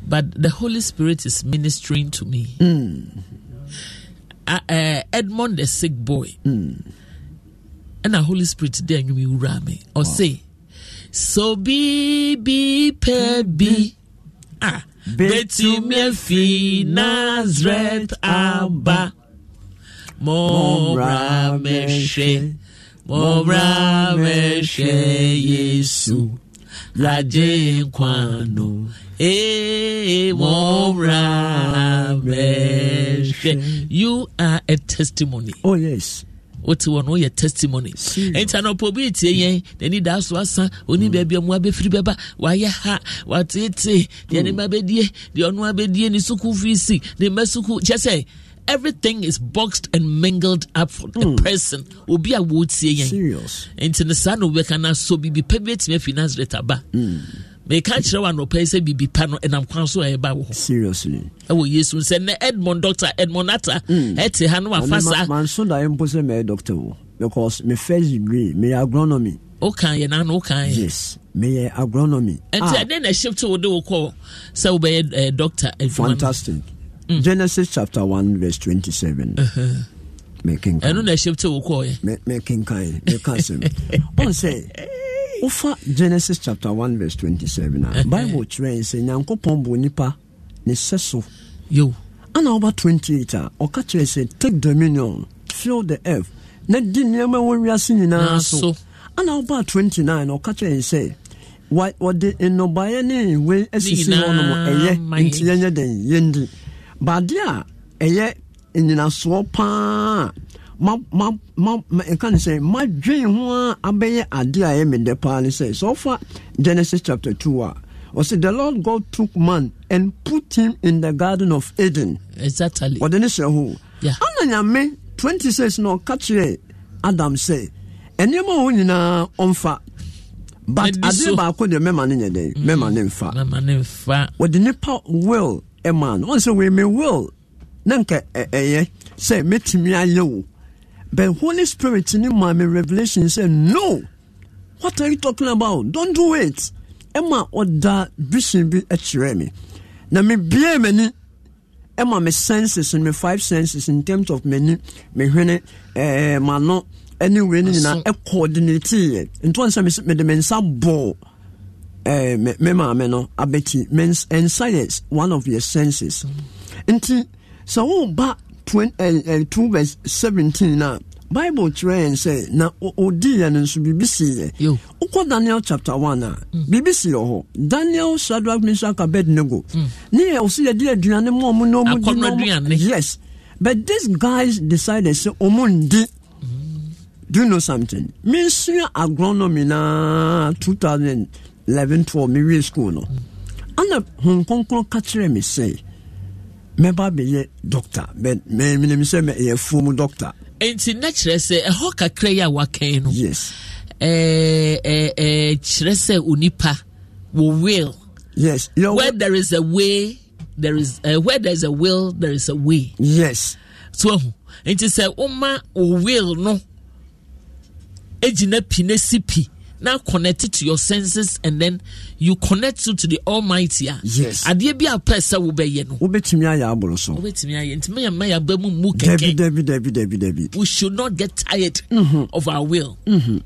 but the Holy Spirit is ministering to me mm uh, Edmond the sick boy. Mm. And the Holy Spirit then you will me or wow. say, So be be be, hmm. Ah, Betumia fi Nazareth Abba. Mobra meshe, mobra meshe Yesu lagye nkwano hey, you are a testimony oh yes wote wɔ no woyɛ testimony ɛnti anɔpɛ obi ɛtie yɛn n'ani daa so asa ɔni mm. baabi a mu abɛfiri bɛba wayɛ ha watetee deɛ ne mm. ma bɛdie deɛ ɔno abɛdie ne sukuu fiisi ne mma sukuu kyɛ sɛ everything is boxed and mingled up for the mm. person obi a wotie yɛn nti ne saa na obi ka na so bibi pɛ bi etimi afi nazareth aba hmm. meka kyerɛ wa nɔpɛ sɛ bibi pa no ɛnam kwan so a ɛba wɔ hɔ ɛwɔ yesu sɛ nɛ edmond doctor edmond ata hmm. ɛte ha no wafa saa manso da mpo sɛ mɛyɛ doctor because me first degree meyɛ agronomy Okay. yɛ naa na wokan yes meyɛ agronomy And then I shift to de wo So be wobɛyɛ eh, doctor adwuma fantastic Mm. genesis chapter 1 verse 27 uh-huh. ɛno na ɛhyɛm te wo kɔɔyɛ mekenkan meka sɛm ɔn sɛ wofa genesis chapter 1 verse 27 a uh-huh. bible kyerɛ sɛ nyankopɔn bɔ nipa ne sɛ so yo ana woba 28 a ɔka kyerɛ sɛ take dominion fill the earth na di nneɛma wɔ wiase nyinaa so ana woba 29 ɔka kyerɛ sɛ wɔde nnɔbaeɛ ne we asisi hɔ nom ɛyɛ nti yɛnyɛ den yɛndi baade a ɛyɛ nnyinasoɔ paa ma ma ma nka ne sɛ madwen ho a abɛyɛ adeɛ a ɛyɛ me dɛ paa ne sɛ So ɔfa genesis chapter two a ɔsɛ the lord god took man and put him in the garden of eden exactly ɔde ne hyɛ ho yeah. ana nyame 26 na ɔka kyerɛ adam sɛ ɛnneɛma a wɔ nyinaa ɔmfa but adeɛ baako deɛ mɛma ne nyɛ dɛn mm-hmm. mɛma ne mfa wɔde nipa will ma no ɔn sɛ wei me will na nka ɛyɛ sɛ mɛtumi ayɛ o but holy spirit ni maa mi revolution sɛ no what are you talking about don't do it ɛma ɔda vision bi ɛkyerɛ mi na mi bie m'ani ɛma mi senses mi five senses in terms of m'ani mi hwene ɛɛ m'ano ɛne wei ni nyinaa ɛkɔɔdinetee yɛ ntɔn sɛ mi de mi nsa bɔɔ. uh, me, me maame no abɛti mens and silence one of your senses nti sɛ woba eh, eh, two verse seventeen na bible kyerɛ yɛn sɛ na odi yɛ no nso biribi You. yɛ wokɔ daniel chapter one a mm. biribi si wɔ hɔ daniel shadrach meshach abednego mm. ne yɛ ɔsi yɛde aduane ma ɔmo na ɔmo di yes but these guys decided sɛ ɔmo ndi mm. do you know something mensua agronomy na two thousand 11 12 mewie school no ana hom kronkron ka kyerɛ me sɛ mɛba bɛyɛ doctor menim sɛ mɛyɛ fuom doctor nti na kyerɛ sɛ ɛhɔ kakra yi a wakan no yes kyerɛ sɛ onipa wɔ will yes your where there is a way there is uh, where there is a will there is a way yes so ahu nti sɛ woma wo will no gyina pi na si pi now connect it to your senses and then you connect it to the almighty yes adeɛ bi a pɛ sɛ wobɛyɛ no wobɛtumi ayɛ aboro so wobɛtumi ayɛ nti mɛyɛ mɛyɛ abɛ mu mu kɛkɛ dabi dabi dabi dabi we should not get tired mm-hmm. of our will mm-hmm.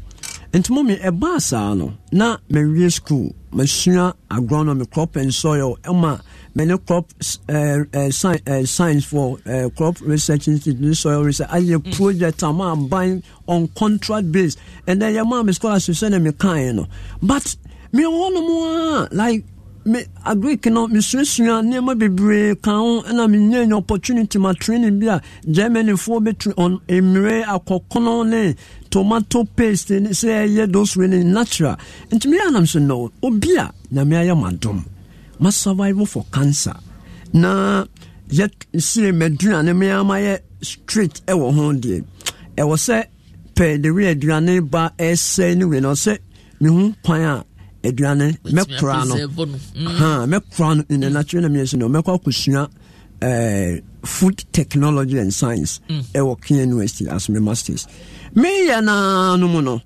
nti mo mi ɛbaa saa no na mɛwie school masua agronomy crop and soil ɛma many crop uh, uh, uh, science for crop research institute soil research ayɛ project a ma buying on contract base ɛnɛ yɛ maa mi scholarship sɛ na mi kan yɛ no but mi wɔ no mu a like me agric no mesuasua nneɛma bebree ka and I mean, any opportunity my training bi a germanyfoɔ bɛtri on a mmerɛ a ne tomato paste and say ɛyɛ those wei ne natural me I am so no obi a nyame ayɛ madom masurvive for cancer na yɛ sire mɛduna ne mmea ma yɛ straight ɛwɔ e ho deɛ ɛwɔ e sɛ pɛ de wi aduane ba ɛsɛ e ne wei na ɔsɛ mehu kwan a aduane mɛkora no mm. ha mɛkora no in the natural na meyɛ sɛ no mɛkɔ akɔsua Uh, eh, food technology and science ɛwɔ mm. Kenya University as my masters meyɛ naa no mu no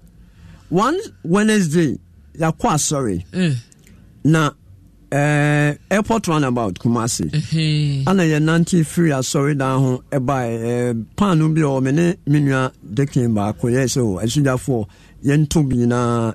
one Wednesday yɛakɔ asɔre mm. Uh, airport runabout kumasi; ana yɛnante firi asɔredan ho ɛbaɛ eh, eh, paano bi a ɔ me ne me nua dekin baako yɛ sɛ asogyafoɔ yɛnto bi nyinaa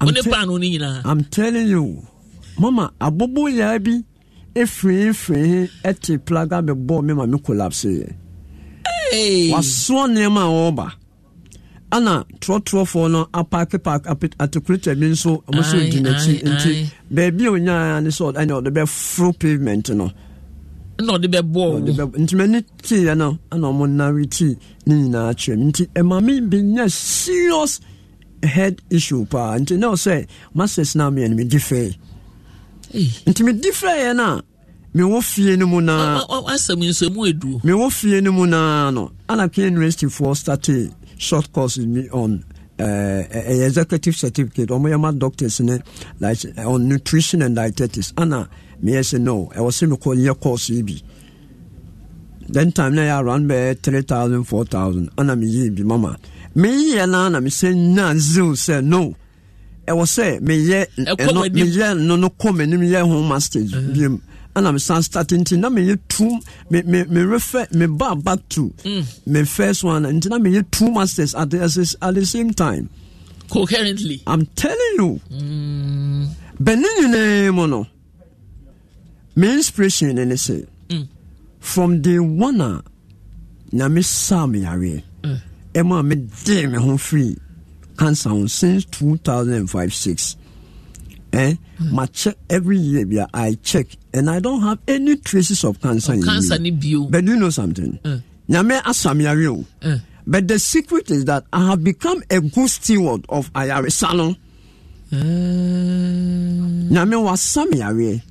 I'm, te- I'm telling you, Mama, abobo yabi efiri efiri ɛte plaga bɛ bɔ mi ma mi collapse yɛ. Hey. Wasoɔ nneɛma a wɔreba. Ana trɔtrɔfoɔ no apaake paak atikulita bi nso ɔmo so di n'akyi nti beebi a onyaa ne sɛ ɛna ɔde bɛ foro pavement no. Ɛna ɔde bɛ bɔ o. Ntoma ne tii yɛ no ɛna ɔmo nari tii ne nyinaa kyerɛ mi nti ɛmaami e bi nya serious head issue paa nti na sɛ masters no meɛ no medi fɛi nti medi fɛiɛ no a mewɔ fie no mu naamewɔ fie no mu naa no anaka universityfoɔ starte short course me on uh, uh, executive certificate ɔmo yɛ ma doctors ne like on nutrition and dietetics ana meyɛ sɛ no ɛwɔ sɛ mekɔ yɛ course yi bi then time na run yɛ three thousand, four thousand. ana meyɛ bi mama meyɛ no na mesɛ nya zew sɛ no ɛwɔ sɛ meyɛ ɛno meyɛ no no kɔ m'anim yɛ ho masters biom ɛna mesan start nti na meyɛ two me me me refer me ba back to mm. me first one nti na meyɛ two masters at the same time coherently i'm telling you mm. bɛne nyinaa mu no me inspiration ne ne mm. from the one na me saa me yareɛ ɛma mede me ho firi cancer ho since 2005 six. eh? mm. my check every year yeah, i check and i don't have any traces of cancer of in cancer me. Bio. but you know something mm. nyame asamiare o mm. but the secret is that i have become a good steward of ayaresa no mm. nyame wasamiare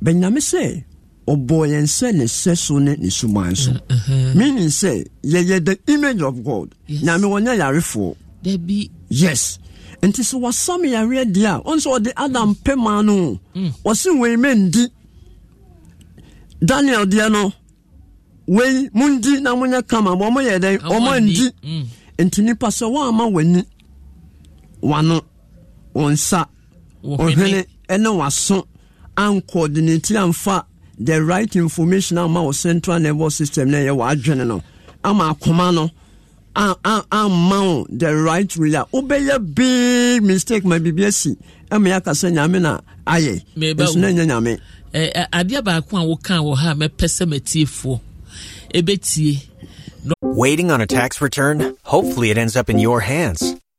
but nyame say ɔbɔɔ yɛn sɛ ne sɛ so ne ne suman so uh, uh-huh. meaning sɛ yɛyɛ the image of god nyame wɔnyɛ yarefoɔ yes nti sɛ wɔsam yareɛ deɛ a ɔn sɛ ɔde adam pɛ maa no mm. ɔse wei mɛndi daniel deɛ no wei mundi na monyɛ kama ma ɔmoyɛ dɛn ɔmo ndi mm. nti nipa sɛ woama w'ani wano wo nsa ɔhwene ɛne waso ankɔɔde ne ti amfa the right information ama wɔ central nervous system na ɛyɛ w'adwene no ama akoma no ama wo the right way a wobɛyɛ big mistake ma biribi asi ɛma yɛ nyame na ayɛ ɛso na ɛnyɛ nyame adeɛ baako a woka wɔ ha mɛpɛ sɛ matiefoɔ ɛbɛtie waiting on a tax return hopefully it ends up in your hands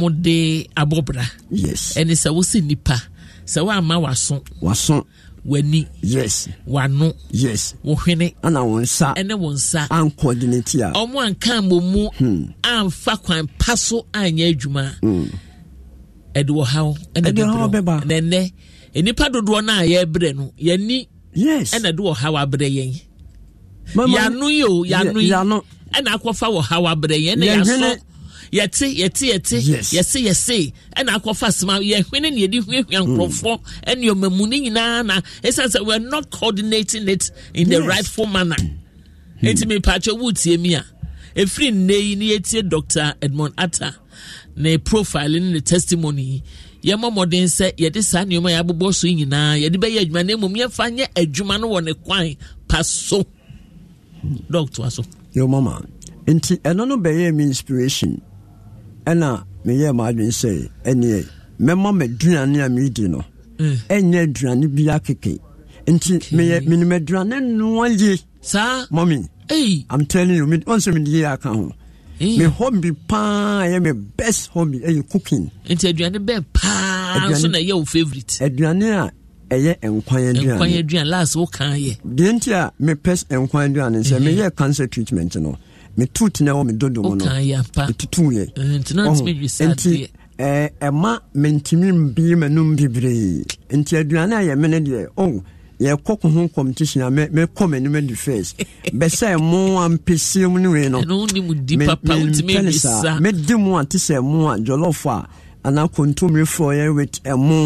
wɔn de abɔbra. yes ɛni sɛ wosi nipa sɛ wama waso. waso. w'ani. yes w'ano. yes w'ohwene. ɛna wɔn nsa. ɛne wɔn nsa. ankɔdiniti a. wɔn anka mo mu. Hmm. anfa kwan pa so anyɛ adwuma. ɛde wɔ haw ɛna ɛde wɔ haw nɛnɛ nipa dodoɔ naa yɛ brɛ no yɛni. yes ɛna ɛde wɔ haw abrɛ yɛn. yanu yi o yanu yi ɛna akɔfa wɔ haw abrɛ yɛn ɛna yasɔ yɛte yɛte yɛte yɛse yɛse ɛna akɔfa asɛm a yɛhwene ne yɛde hwiahwia nkurɔfoɔ nneɔma mu ne nyinaa na ɛsiane sɛ we're not coordinating it in the yes. rightful manner nti hmm. mepaakyɛ wotie mi a ɛfiri nnɛ yi ne yɛtie dr edmond atta ne profile ne ne testimony yi yɛmmɔ mmɔden sɛ yɛde saa nneɔma a yɛabobɔ so nyinaa yɛde bɛyɛ adwuma na mmom yɛmfa nyɛ adwuma no wɔ ne kwan pa so dɔktoa so yo mama nti ɛno no bɛyɛ me inspiration ɛna meyɛ m'adwene sɛ ɛneɛ mɛma m'aduane a meedi no mm. ɛnyɛ aduane bi akeke nti meyɛ menim aduane noa yie saa mami hey. i'm telling you ɔn sɛ mede yie aka ho me hobby paa ɛyɛ me best hobby ɛyɛ cooking nti aduane bɛɛ paa so na ɛyɛ wo favorite aduane a ɛyɛ nkwan aduane nkwan aduane last wo kan yɛ deɛ nti a mepɛ nkwan aduane sɛ mhm. meyɛ cancer treatment no metu tena wɔ me dodo mu no metutuuɛ eh, nti eh, ɛma mentumi mbii m'anom bebree nti aduane a yɛme deɛ o yɛkɔ ko ho competition a mekɔ m'anim adi first *laughs* bɛsɛ mo a mpɛsie mu no wei no mepɛ ne saa medi mu a te sɛ mo a jɔlɔfo a anaa kontomire frɔyɛ with ɛmo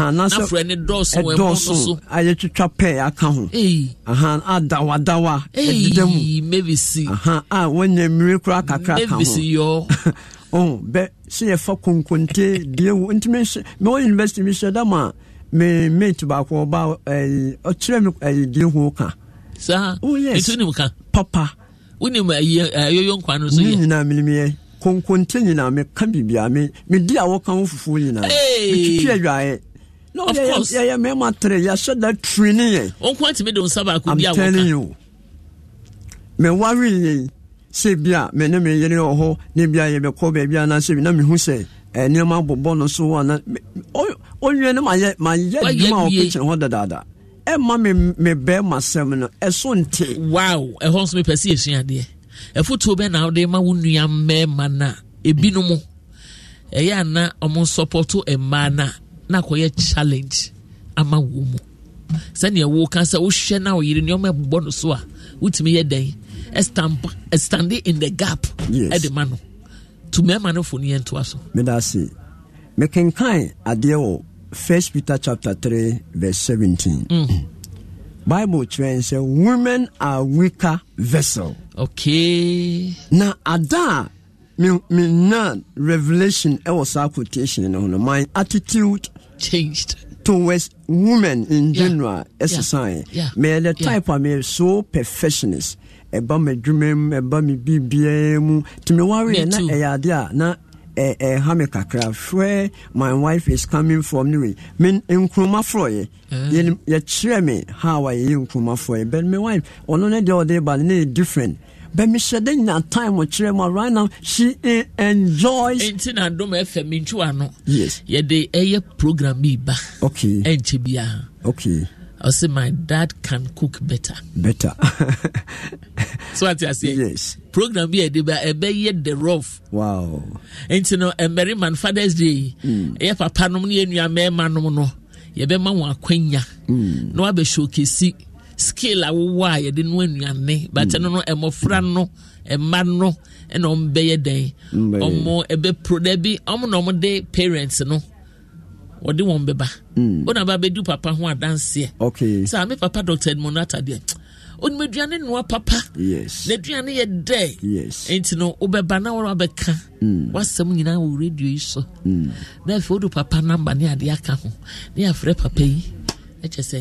anasɛ ɛdɔɔso ayɛ twitwa pɛɛ aka ho adawadawa ɛdeda mu a wanya mmire koraa kakra ka ho *laughs* oh bɛ sɛ yɛfa konkonte deɛ wo ntimi mewɔ university mehyɛ da ma me mate baako ɔba eh, ɔkyerɛ me eh, deɛ ho ka saa ɛtu oh, nim ka papa wonim ayoyo eh, nkwa no so yɛ ne nyinaa menemyɛ konkonte nyinaa meka biribia medi a wɔka ho fufuo nyinaa metwitwi awaeɛ yɛyɛ mmarima tere yɛhyɛ da tiri ne yɛ I'm telling you meware yei sɛ se a me ne me yere wɔ hɔ ne bi a yɛbɛkɔ baabi anaasɛ bi na mehu sɛ eh, nneɛma bobɔ no so ma ɔnwɛ ma mayɛ mayɛ dwuma a ɔkɛkyerɛ hɔ dadaada ɛma me me bɛɛ masɛm no ɛso nte wow ɛhɔ nso mepɛ sɛ yɛsuadeɛ ɛfotuo bɛ na wode ma wo nnua mmarima no a ebinom ɛyɛ ana ɔmo nsɔpɔto mmaa no a na akɔyɛ challenge ama wo mu sɛnea woka sɛ wohwɛ no a ɔyere nneɔma ɛbobɔ no so a wotumi yɛ dɛn ɛstande in the gap ɛde ma no to mmarima no fo no yɛntoa so meda mekenkan adeɛ wɔ first peter chapter 3 verse 17 mm. bible kyerɛ sɛ women are weaker vessel okay na ada a menya revelation ɛwɔ saa quotation no ho my attitude changed towards women in general ɛsesaeɛ yeah. yeah. meyɛ the type yeah. a meyɛ so perfectionist ɛba m'adwuma mu ɛba me biribiaa mu nti mewareɛ na ɛyɛ adeɛ a na Eh, eh, ha me kakra frɛ my wife is coming from new eh. me nkuruma frɔyɛ yɛkyerɛ me how a yɛyɛ nkuruma frɔyɛ but my wife ɔno ne deɛ ɔde ba ne different but me hyɛ de nyina time ɔkyerɛ mu right now she eh, enjoys ɛnti na adom fm ntwi ano yes yɛde ɛyɛ program bi ba okay ɛnkyɛ biara okay ɔsɛ my dad can cook better better *laughs* so ate aseɛ yes program bi a yɛde ba ɛbɛyɛ the rough. wow. nti no mmarima no fathers day. Mm. ɛyɛ papa nom ne yɛ nua mmarima nom no yɛbɛma wɔn akwanya. Mm. na wabɛhyɛ okesi skill awowo a yɛde no anuane bata mm. no no mmɔfra no mma no ɛna wɔn bɛyɛ dɛn. wɔn ɛbɛ pro dɛbi wɔn na wɔn de parents no. wɔde wɔn bɛba. Mm. wɔn na ba bɛdu papa ho adanseɛ. okay. sɛ so, papa dr edmond atadeɛ onum aduane noa papa yes na aduane yɛ dɛ yes nti no wobɛba na wɔn abɛka mm. wasɛm nyinaa wɔ radio yi so mm. na afei wodo papa namba ne adeɛ aka ho ne afrɛ papa yi ɛkyɛ sɛ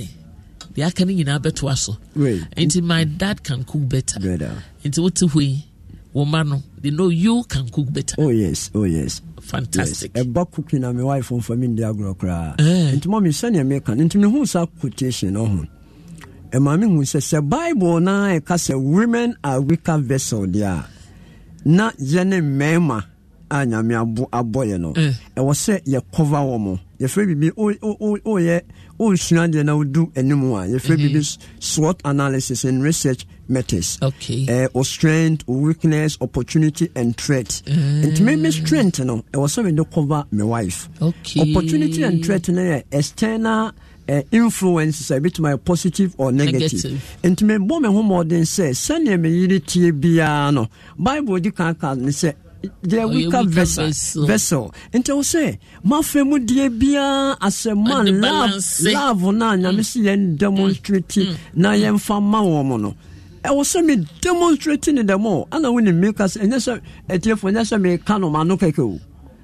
deɛ aka no nyinaa bɛtoa so nti my dad can cook better nti wote hɔ yi wo ma no they know you can cook better oh yes oh yes fantastic ɛba yes. cooking na me wife mfa me ndi agorɔ koraa eh. nti mɔ me sɛneɛ meka nti mehu saa quotation no ho mm ɛma me hu sɛ sɛ bible na ɛka sɛ women are weaker vessel deɛ a na yɛne mmarima a nyame abɔyɛ no mm. ɛwɔ sɛ yɛkɔva wɔ mo yɛfrɛ biribi woyɛ wosua deɛ na wodu anim a yɛfrɛ mm-hmm. biribi swot analysis and research matters okay. Eh, or strength or weakness opportunity and threat mm. and me me strength no ɛwɔ sɛ mede cover my wife okay. opportunity and threat no yɛ external Influence influences a bit my positive or negative ntumi bɔ mi ho mɔden sɛ sɛnea mi yiri tie biara no bible di kan kan ne sɛ the weaker vessel vessel nti o sɛ mafɛ mu die biara man love love na nyame mm. si yɛn demonstrate mm. Mm. na yɛn fa ma wɔn no. ɛwɔ sɛ me demonstrating ne dɛm o ana ni ne meka sɛ ɛnyɛ sɛ atiefo ɛnyɛ sɛ no ma no kɛkɛ o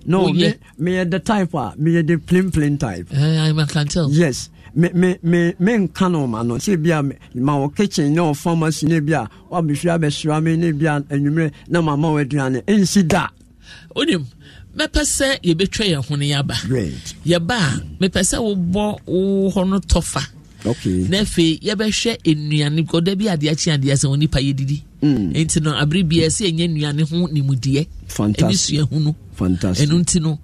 no meyɛ the type a me the plain plain type uh, I can tell. yes me me me me nka no ma no sɛ bia ma wɔ kitchen ne wɔ pharmacy ne bia wabɛhwɛ abɛhyira me ne bia anwummerɛ na mama wɔ aduane ɛnsi da wonim mɛpɛ sɛ yɛbɛtwa yɛn ho no yɛaba yɛba a mepɛ sɛ wobɔ wo hɔ no tɔfa okay. na afei yɛbɛhwɛ nnuane kɔda bi adeɛ akye adeɛ sɛ wo nipa yɛdidi mm. no abere biaa sɛ ɛnyɛ nnuane ho nimudeɛ ɛne sua hu no ɛno nti no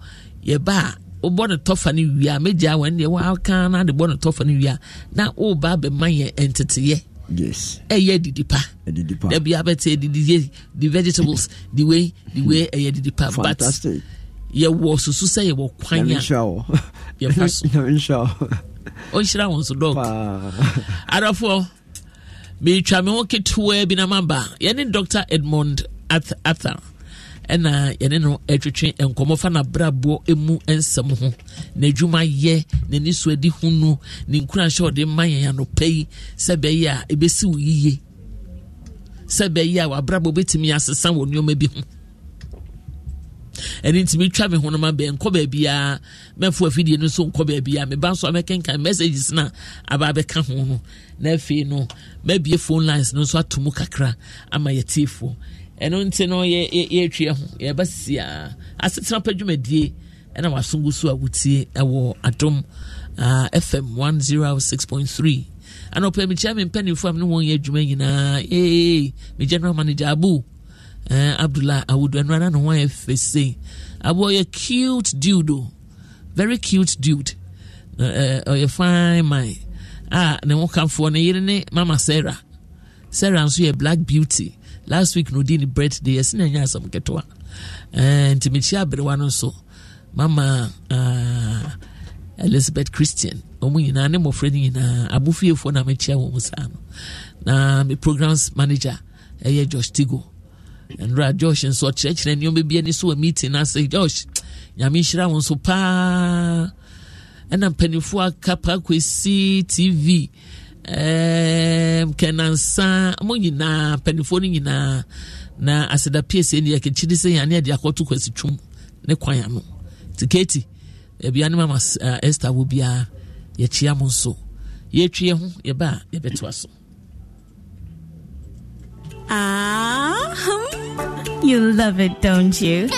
yɛba a wobɔ ne tɔfa no wie a mɛgya wɔn deɛ waka na de bɔ ne tɔfa no wie a na woba abɛma yɛn nteteyɛ yes ɛyɛ didi pa didi pa dabi abɛte didi yɛ the vegetables the way the hmm. way ɛyɛ didi pa fantastic but yɛwɔ susu sɛ yɛwɔ kwan a yɛfa so *laughs* ɔnhyira wɔn so dɔg adafoɔ meretwa me ho ketewa bi na maba yɛne dr edmond arthur ɛna yɛne no atwitwe nkɔmmɔ fa n'abrabɔ mu nsɛm ho n'adwumayɛ n'ani so adi ho no ne nkuranhyɛ ɔde ma yɛn anɔpɛ yi sɛ bɛyɛ a ɛbɛsi wo yie sɛ bɛyɛ a w'abrabɔ bɛtumi asesa wɔ nneɛma bi ho ɛne ntumi twa me honoma bɛn nkɔ baabiaa mɛfo afidie no nso nkɔ baabiaa meba nso a mɛkenkan messages no aba bɛka ho no na afei no mabie phone lines no nso ato kakra ama yɛtiefoɔ ɛno nti no yɛtwe ho yɛbɛsisi a asetena pa dwumadie ɛna wasongo so a wotie ɛwɔ adom fm 106.3 ana ɔpɛ mekyia me mpanimfoɔ a mene wɔn yɛ adwuma nyinaa ee me general manager abu eh, abdullah awudu ɛno ana ne ho ayɛ fɛse abu ɔyɛ cute dude o very cute dude ɔyɛ uh, fine man a ah, ne ho kamfoɔ ne yere ne mama sarah sarah nso yɛ black beauty last week no di ne birthday ɛsi na ɛnyɛ asɛm ketewa eh, nti aberewa no nso mama eh, elizabeth christian ɔmu nyinaa ne mmɔfra no nyinaa abofiefoɔ na mekyia wɔ mu saa no na me programs manager ɛyɛ josh tigo nwura josh nso ɔkyerɛkyerɛ nneɛma bi ani so wɔ meeting say josh nyame nhyira wo nso paa ɛna mpanimfoɔ aka paakɔsi tv nkɛnansa mo nyinaa mpanimfoɔ no nyinaa na aseda psa ne yɛkɛkyiri sɛ yɛane ade akɔto kwasi twom ne kwan ano nti kati abia ne mama esta wɔ biara yɛkyia mo nso yɛtwi yɛ ho yɛba a yɛbɛtoa so Ah, *laughs* you love it, don't you? *laughs*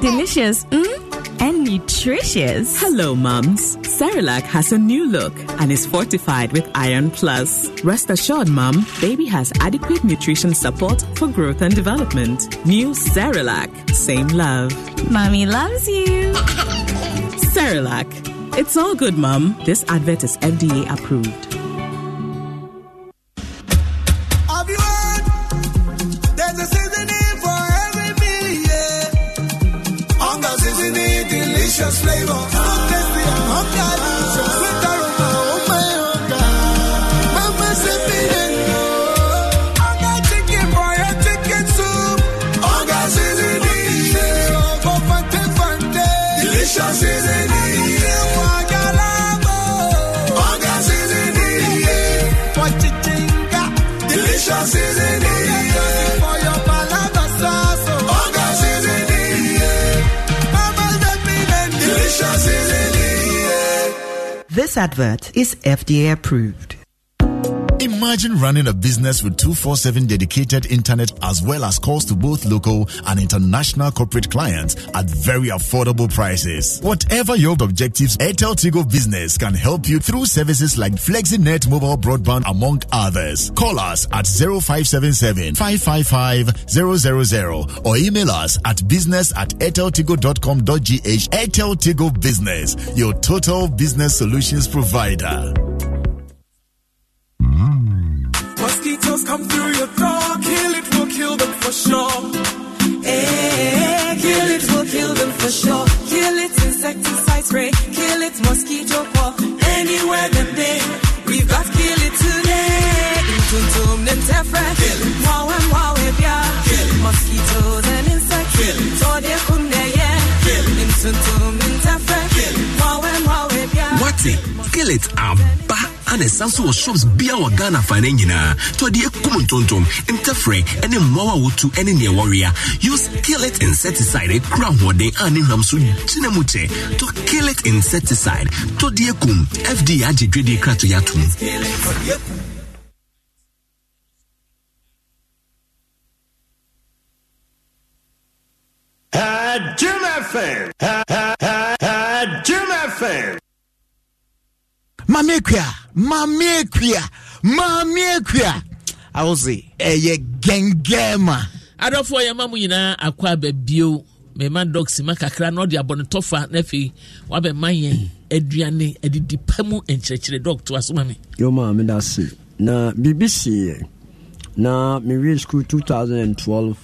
Delicious, mm? and nutritious. Hello, mums. Cerelac has a new look and is fortified with Iron Plus. Rest assured, mum, baby has adequate nutrition support for growth and development. New Cerelac, same love. Mommy loves you. Cerelac. *laughs* It's all good, mum. This advert is FDA approved. delicious flavor. Tasty the hot, This advert is FDA approved. Imagine running a business with 247 dedicated internet as well as calls to both local and international corporate clients at very affordable prices. Whatever your objectives, Airtel Tigo Business can help you through services like FlexiNet mobile broadband among others. Call us at 0577 555 000 or email us at business at airteltigo.com.gh Airtel Tigo Business, your total business solutions provider demons come through your door. Kill it, we'll kill them for sure. Eh, hey, kill it, we'll kill them for sure. Kill it, insecticide spray. Kill it, mosquito paw. Anywhere them they, we've got kill it today. Tuntum and tefra. Kill it. Wow and wow, eh, Kill it. Mosquitoes and insects. Kill it. Todia kunde, yeah. Kill it. Tuntum and tefra. Kill it. Wow and wow, eh, What's it? Kill it, um. ane san so wɔ shops bia wɔ ghana fa no nyinaa tɔde ɛkum ntontom ntɛfrɛ ne mmoawa wotu ne nea wɔrea use killet insecticide ɛkura hoɔden a ne hwam so gyina mu kyɛ tɔ killet insecticide tɔde ɛkum fda agye dwadie kratoyɛ atom Jim FM. Jim FM. Mamekwa maame akua maame akua awo se ɛyɛ gɛngɛɛma. adɔfoɔ yɛn ma mu nyinaa akɔ abɛbio mɛma dogs ma kakra na ɔde abɔ ne tɔfa na afei wabɛma yɛn aduane adidi pa nkyerɛkyerɛ dɔgto asoma me. yɔ mi da se na biribi si yɛ na mewie school two thousand and twelve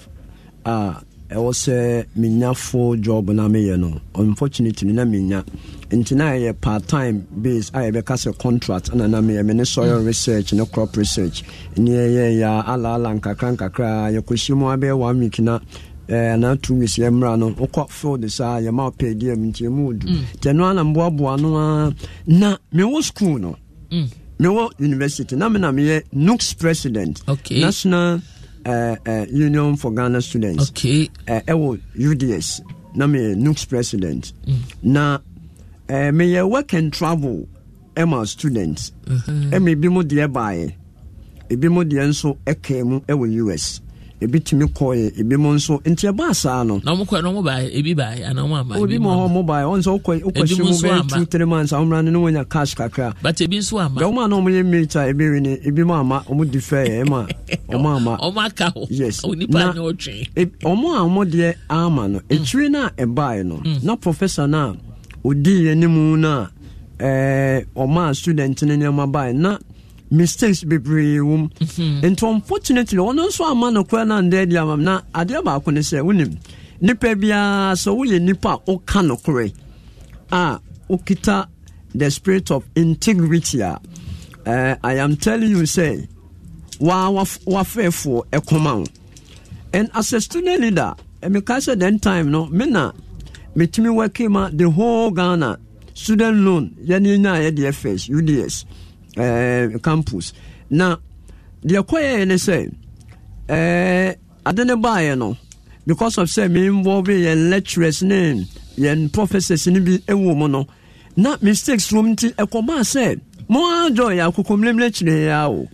a ah, ɛwɔ sɛ menya full job na meyɛ no unfortunately na menya nti na ɛyɛ part time base a yɛbɛka sɛ contract na na meyɛ mene soil research ne crop research ne ya alaala nkakra nkakra yɛkɔhyɛ mu abɛyɛ wa week na eh, na two weeks anọ no wokɔ field saa yɛma wopɛ di mu nti ɛmu mm. nti ɛno ana mboaboa no a na mewɔ school no mm. mewɔ university na nooks president okay. uh, uh, Union for Ghana Students. Okay. Eh, ɛwɔ uh, UDS na mi yɛ president. Mm. Na uh, mi yɛ work and travel Emma students. Ɛmi uh -huh. ebi mu deɛ baayɛ ebi mu deɛ nso ɛkɛɛ mu ɛwɔ US ebi tumi kɔɛ ebi mu nso nti ɛba saa no. na ɔmo kɔɛ na ɔmo baa ebi baa ana ɔmo aba. obi ma hɔ ɔmo baa ɔn sɛ ɔkɔ ɔkɔ si mu bɛyɛ two three months a ɔmo ne wɔnya cash kakra. but ebi nso ama. dɔw ma na ɔmo yɛ mita, ebi wini ebi ma ama ɔmo di fɛ yɛ ma ɔmo ama. ɔmo aka hɔ yes na ɔmo a ɔmo deɛ ama no ekyiri mm. na ɛbaa no mm. na professor na odi yɛ ne mu na ɛɛ ɔmo a student ne nneɛma baa na mistakes bebree wɔ mu mm-hmm. nti unfortunately ɔno nso ama no kora no ndɛ deɛ amam na adeɛ baako ne sɛ wonim nipa biara sɛ woyɛ nipa a woka nokorɛ a wokita the spirit of integrity a uh, i am telling you say sɛ waa wafɛɛfoɔ ɛkoma wo and as a student leader eh, meka sɛ then time no me na metumi wɔke ma the whole ghana student loan yɛne nyaayɛ deɛ first uds ɛɛ eh, campus na deɛ kɔyɛ ne sɛ ɛɛ eh, ade ne baayɛ no because of sɛ me involve yɛn lecturers ne yɛn professors ne bi ɛwɔ mu no na mistakes wɔm ti ɛkɔmaa sɛ mo adɔ yɛ akoko mmelemle kyerɛ yɛ o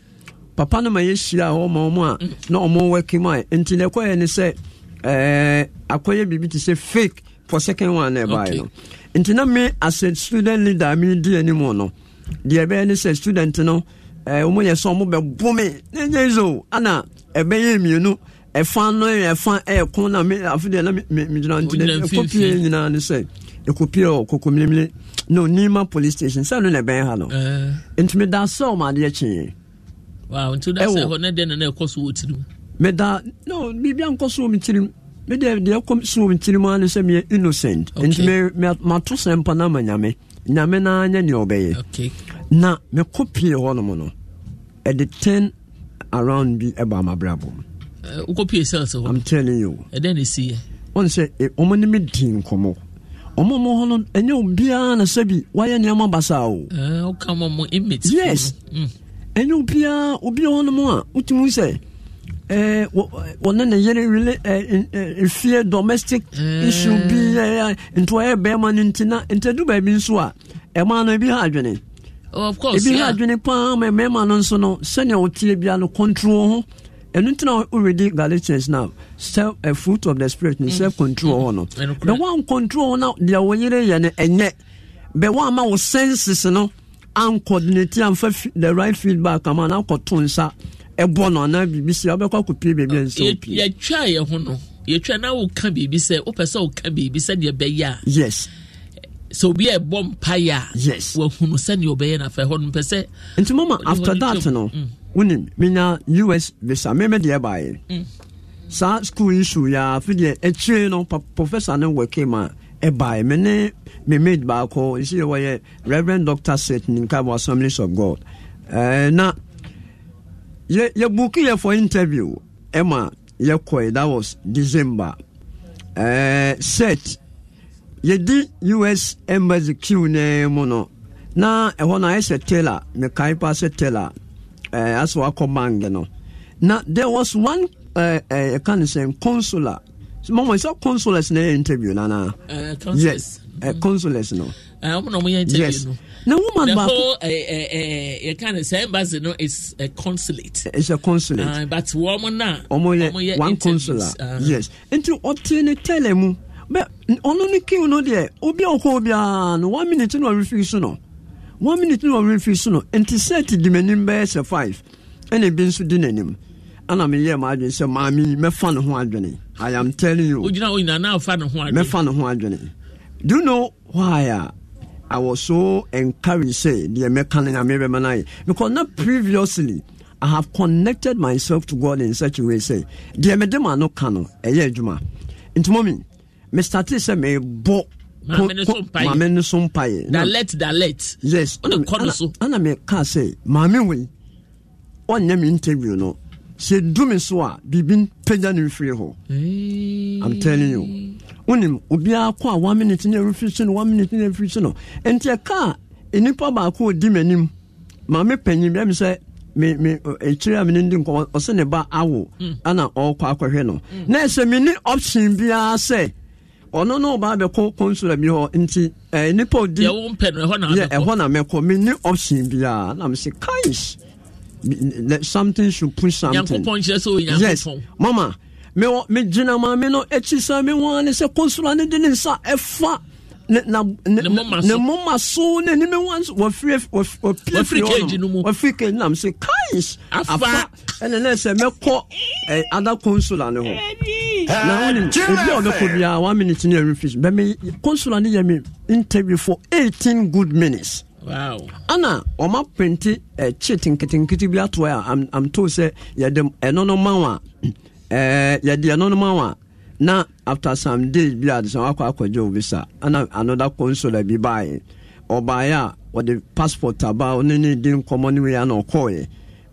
papa no ma yɛ hyira hɔ ma ɔmo a na ɔmo wɔki mu a nti deɛ kɔyɛ ne sɛ ɛɛ eh, akɔyɛ biribi te sɛ fake for second one na ɛbaayɛ no nti na me as a student leader mi di anim no. deɛ ɛbɛyɛ ne sɛ student no wɔn yɛ sɛ wɔn bɛbome ne nye so ana ɛbɛyɛ mmienu ɛfa no ɛfa ɛyɛ kon na mi afi deɛ na mi mi gyina nti dɛ ekopie nyinaa ne sɛ ekopie wɔ koko milimili no nima police station sɛ no na ɛbɛn ha no ntumi da sɛ ɔmo adeɛ kyeɛ. waaw nti da sɛ hɔ ne deɛ nana ɛkɔ so wɔ tirim. meda no biribi ankɔ so wɔ mi tirim mi deɛ deɛ ɛkɔ so wɔ mi tirim ara ne sɛ mi yɛ innocent nti mi mi ato sɛ mpa na ama nyame nyame naa nyɛ nea ɔbɛyɛ na mekɔ pie hɔ nom no ɛde ten around bi ɛba amabrabɔ mu eh, wokɔ pie sɛs hɔ amtɛne yo ɛdɛn ne siɛ ɔne sɛ e, ɔmo ne me di nkɔmmɔ ɔmo mo hɔ no ɛnyɛ obiara na sɛ bi wayɛ nneɛma basaa o eh, woka mɔ mo imit yes hmm. ɛnyɛ obiara obi hɔ nom a wotumi sɛ Eh, wɔne eh, eh, domestic mm. issue bi nti ebi ha adwene oh, ebi ha adwene paa ma mmarima no nso no sɛnea bia no control ho ɛno nti na wɔredi galatians na self a fruit of the spirit ne mm. self control hɔ no bɛ mm. wɔn control na deɛ wɔyere yɛ no ɛnyɛ bɛ wɔn ama wɔ senses no ancoordinate amfa the right feedback ama na akɔto nsa ɛbɔ no anaa biribi si wobɛkɔ akɔpie baabi a nsɛ wopie yɛtwa yɛ ho no yɛtwa na woka biribi sɛ wopɛ sɛ woka biribi sɛdeɛ ɛbɛyɛ a yes sɛ obi a ɛbɔ mpaeɛ a yes wahunu sɛdeɛ ɔbɛyɛ no afa ɛhɔ no mpɛ sɛ nti mama after that no mm. wonim menya us visa memɛ deɛ baeɛ mm. saa school issue. so yɛa afideɛ akyire no professor ne wɔke ma ɛbaeɛ me ne me maid baakɔ ɛsi yɛ wɔyɛ reverend dr set ninka wɔ assemblies of god uh, na yɛ buki yɛ for interview ɛma yɛ kɔɛ that was december ɛɛ uh, eh, set yɛdi us embassy queue ne mu no na ɛhɔ eh, no ayɛ sɛ tailor mekae pa sɛ tailor ɛɛ uh, eh, asɛ wakɔ bank no na there was one ɛɛ ɛɛ ɛka ne sɛ consular mɔmɔ sɛ consulars na yɛ interview nana uh, yes uh, consulars no ɔmo na ɔmo yɛ interview no. na woman baako yɛ kan sɛ embassy no is a consulate. it's a consulate. Uh, but wɔn na ɔmo yɛ one consular uh, yes nti ɔte ne tɛlɛ mu bɛ ɔno ne king no deɛ obi a ɔkɔ obiara no one minute na ɔrefi so no one minute na ɔrefi so no nti set di m'anim bɛyɛ sɛ five ɛna ebi nso di n'anim ana meyɛ m'adwene sɛ maame mɛfa ne ho adwene i am telling you. ogyina oyin na n'afa ne ho adwene. mɛfa ne ho adwene do you know why a. Uh, I was so encouraged, say, the American and American. Because not previously, I have connected myself to God in such a way, say, the American no cano, a year juma. In tomorrow, Mr. T say, may bo. maame no so mpaeɛ dalet let, yes ɔne kɔ no so ana meka sɛ maame wei ɔnyɛ me interview no sɛ du so a biribi pagya no hɔ am telling you wonim obiara kɔ a one minute na ɛrefiri so no one minute na ɛrefiri so no nti ɛka a nipa baako odi m'anim maame panyin bi ɛmi sɛ me me ekyir a me ne ndi nkɔmɔ ɔsɛ ne ba awo ɛna ɔrekɔ akɔhwɛ no mm. na ɛsɛ me ne option biara sɛ ɔno no ɔbaa bɛkɔ consular bi hɔ nti ɛɛ nipa odi yɛ ɛhɔ na mɛkɔ me ne option biara na me sɛ kais something should push something yes mama mewɔ megyina maame no akyi sɛ mewaa ne sɛ kɔnsura no de ne nsa ɛfa ne moma so ne anim wanso wafiri hɔwafiri kage nam sɛ kais afa ɛne ne sɛ mɛkɔ ada konsula ne hɔ na wonim obi a ɔbɛkɔ biaa 1 minute ne arefis bɛme konsula no yɛ me interview for eighteen good minutes Wow. ana ɔma printi eh, chit nketenkete bi atoa a am, am told sɛ yɛde ɛno no ma wo ɛɛ eh, yɛde ɛno no ma wa na after some days bi a de sɛ wakɔ akɔgye obi sa ɛna anoda consular bi baeɛ ɔbaeɛ a wɔde passport aba ɔne ne di nkɔmmɔ ne wei ana ɔkɔɔeɛ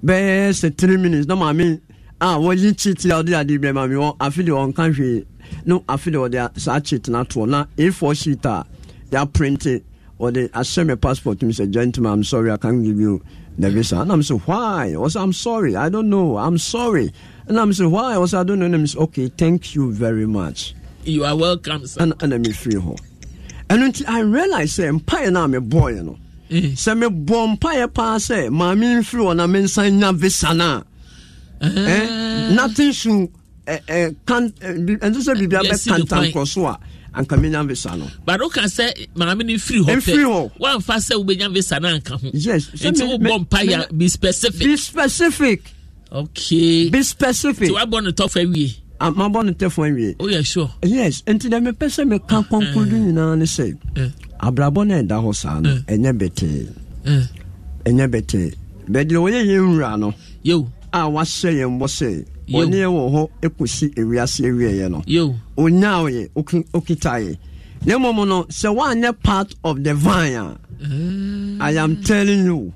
bɛɛ sɛ three minutes na maame a wɔyi kyiti a ɔde adeɛ bi maame wɔ afi de ɔnka hwee no afi de ɔde saa kyiti no atoɔ na a4 sheet a yɛaprinte ɔde ahyɛ me passport mi sɛ gentleman i'm sorry i can't give you the visa and i'm so why ɔsɛ i'm sorry i don't know i'm sorry And I'm saying, why? I was, I don't know. And I'm saying, okay, thank you very much. You are welcome, sir. And, and I'm free home. And until I realize say, empire now, I'm a boy, you know. Sɛ mebɔ mpaeɛ paa sɛ maame mfiri wɔ na mensan nya visa no eh? ah. eh, eh, a nothing so ɛnso sɛ biribia bɛkantankɔ so a anka menya visa no but woka sɛ maame no mfiri hɔ mfiri hɔ woamfa sɛ wobɛnya visa no anka ho yes nti wobɔ mpaeɛ be specific be specific okay be specific ti wa bɔ ne tɔfɛ wie a ma bɔ ne tɛfɔ wie Oh yɛ sure yes nti dɛ mepɛ sɛ meka eh. kɔnkɔdu nyinaa ne sɛ eh. abrabɔ no ɛda hɔ saa no eh. ɛnyɛ bɛtee ɛnyɛ bɛtee bɛdeɛ wɔyɛ yɛn nwura no Yo. a wahyɛ yɛn bɔ sɛ ɔne yɛ wɔ hɔ ɛkɔsi ewiase awieɛ no ɔnyaa yɛ okita yɛ na mmom no sɛ woanyɛ part of the vine a i am telling you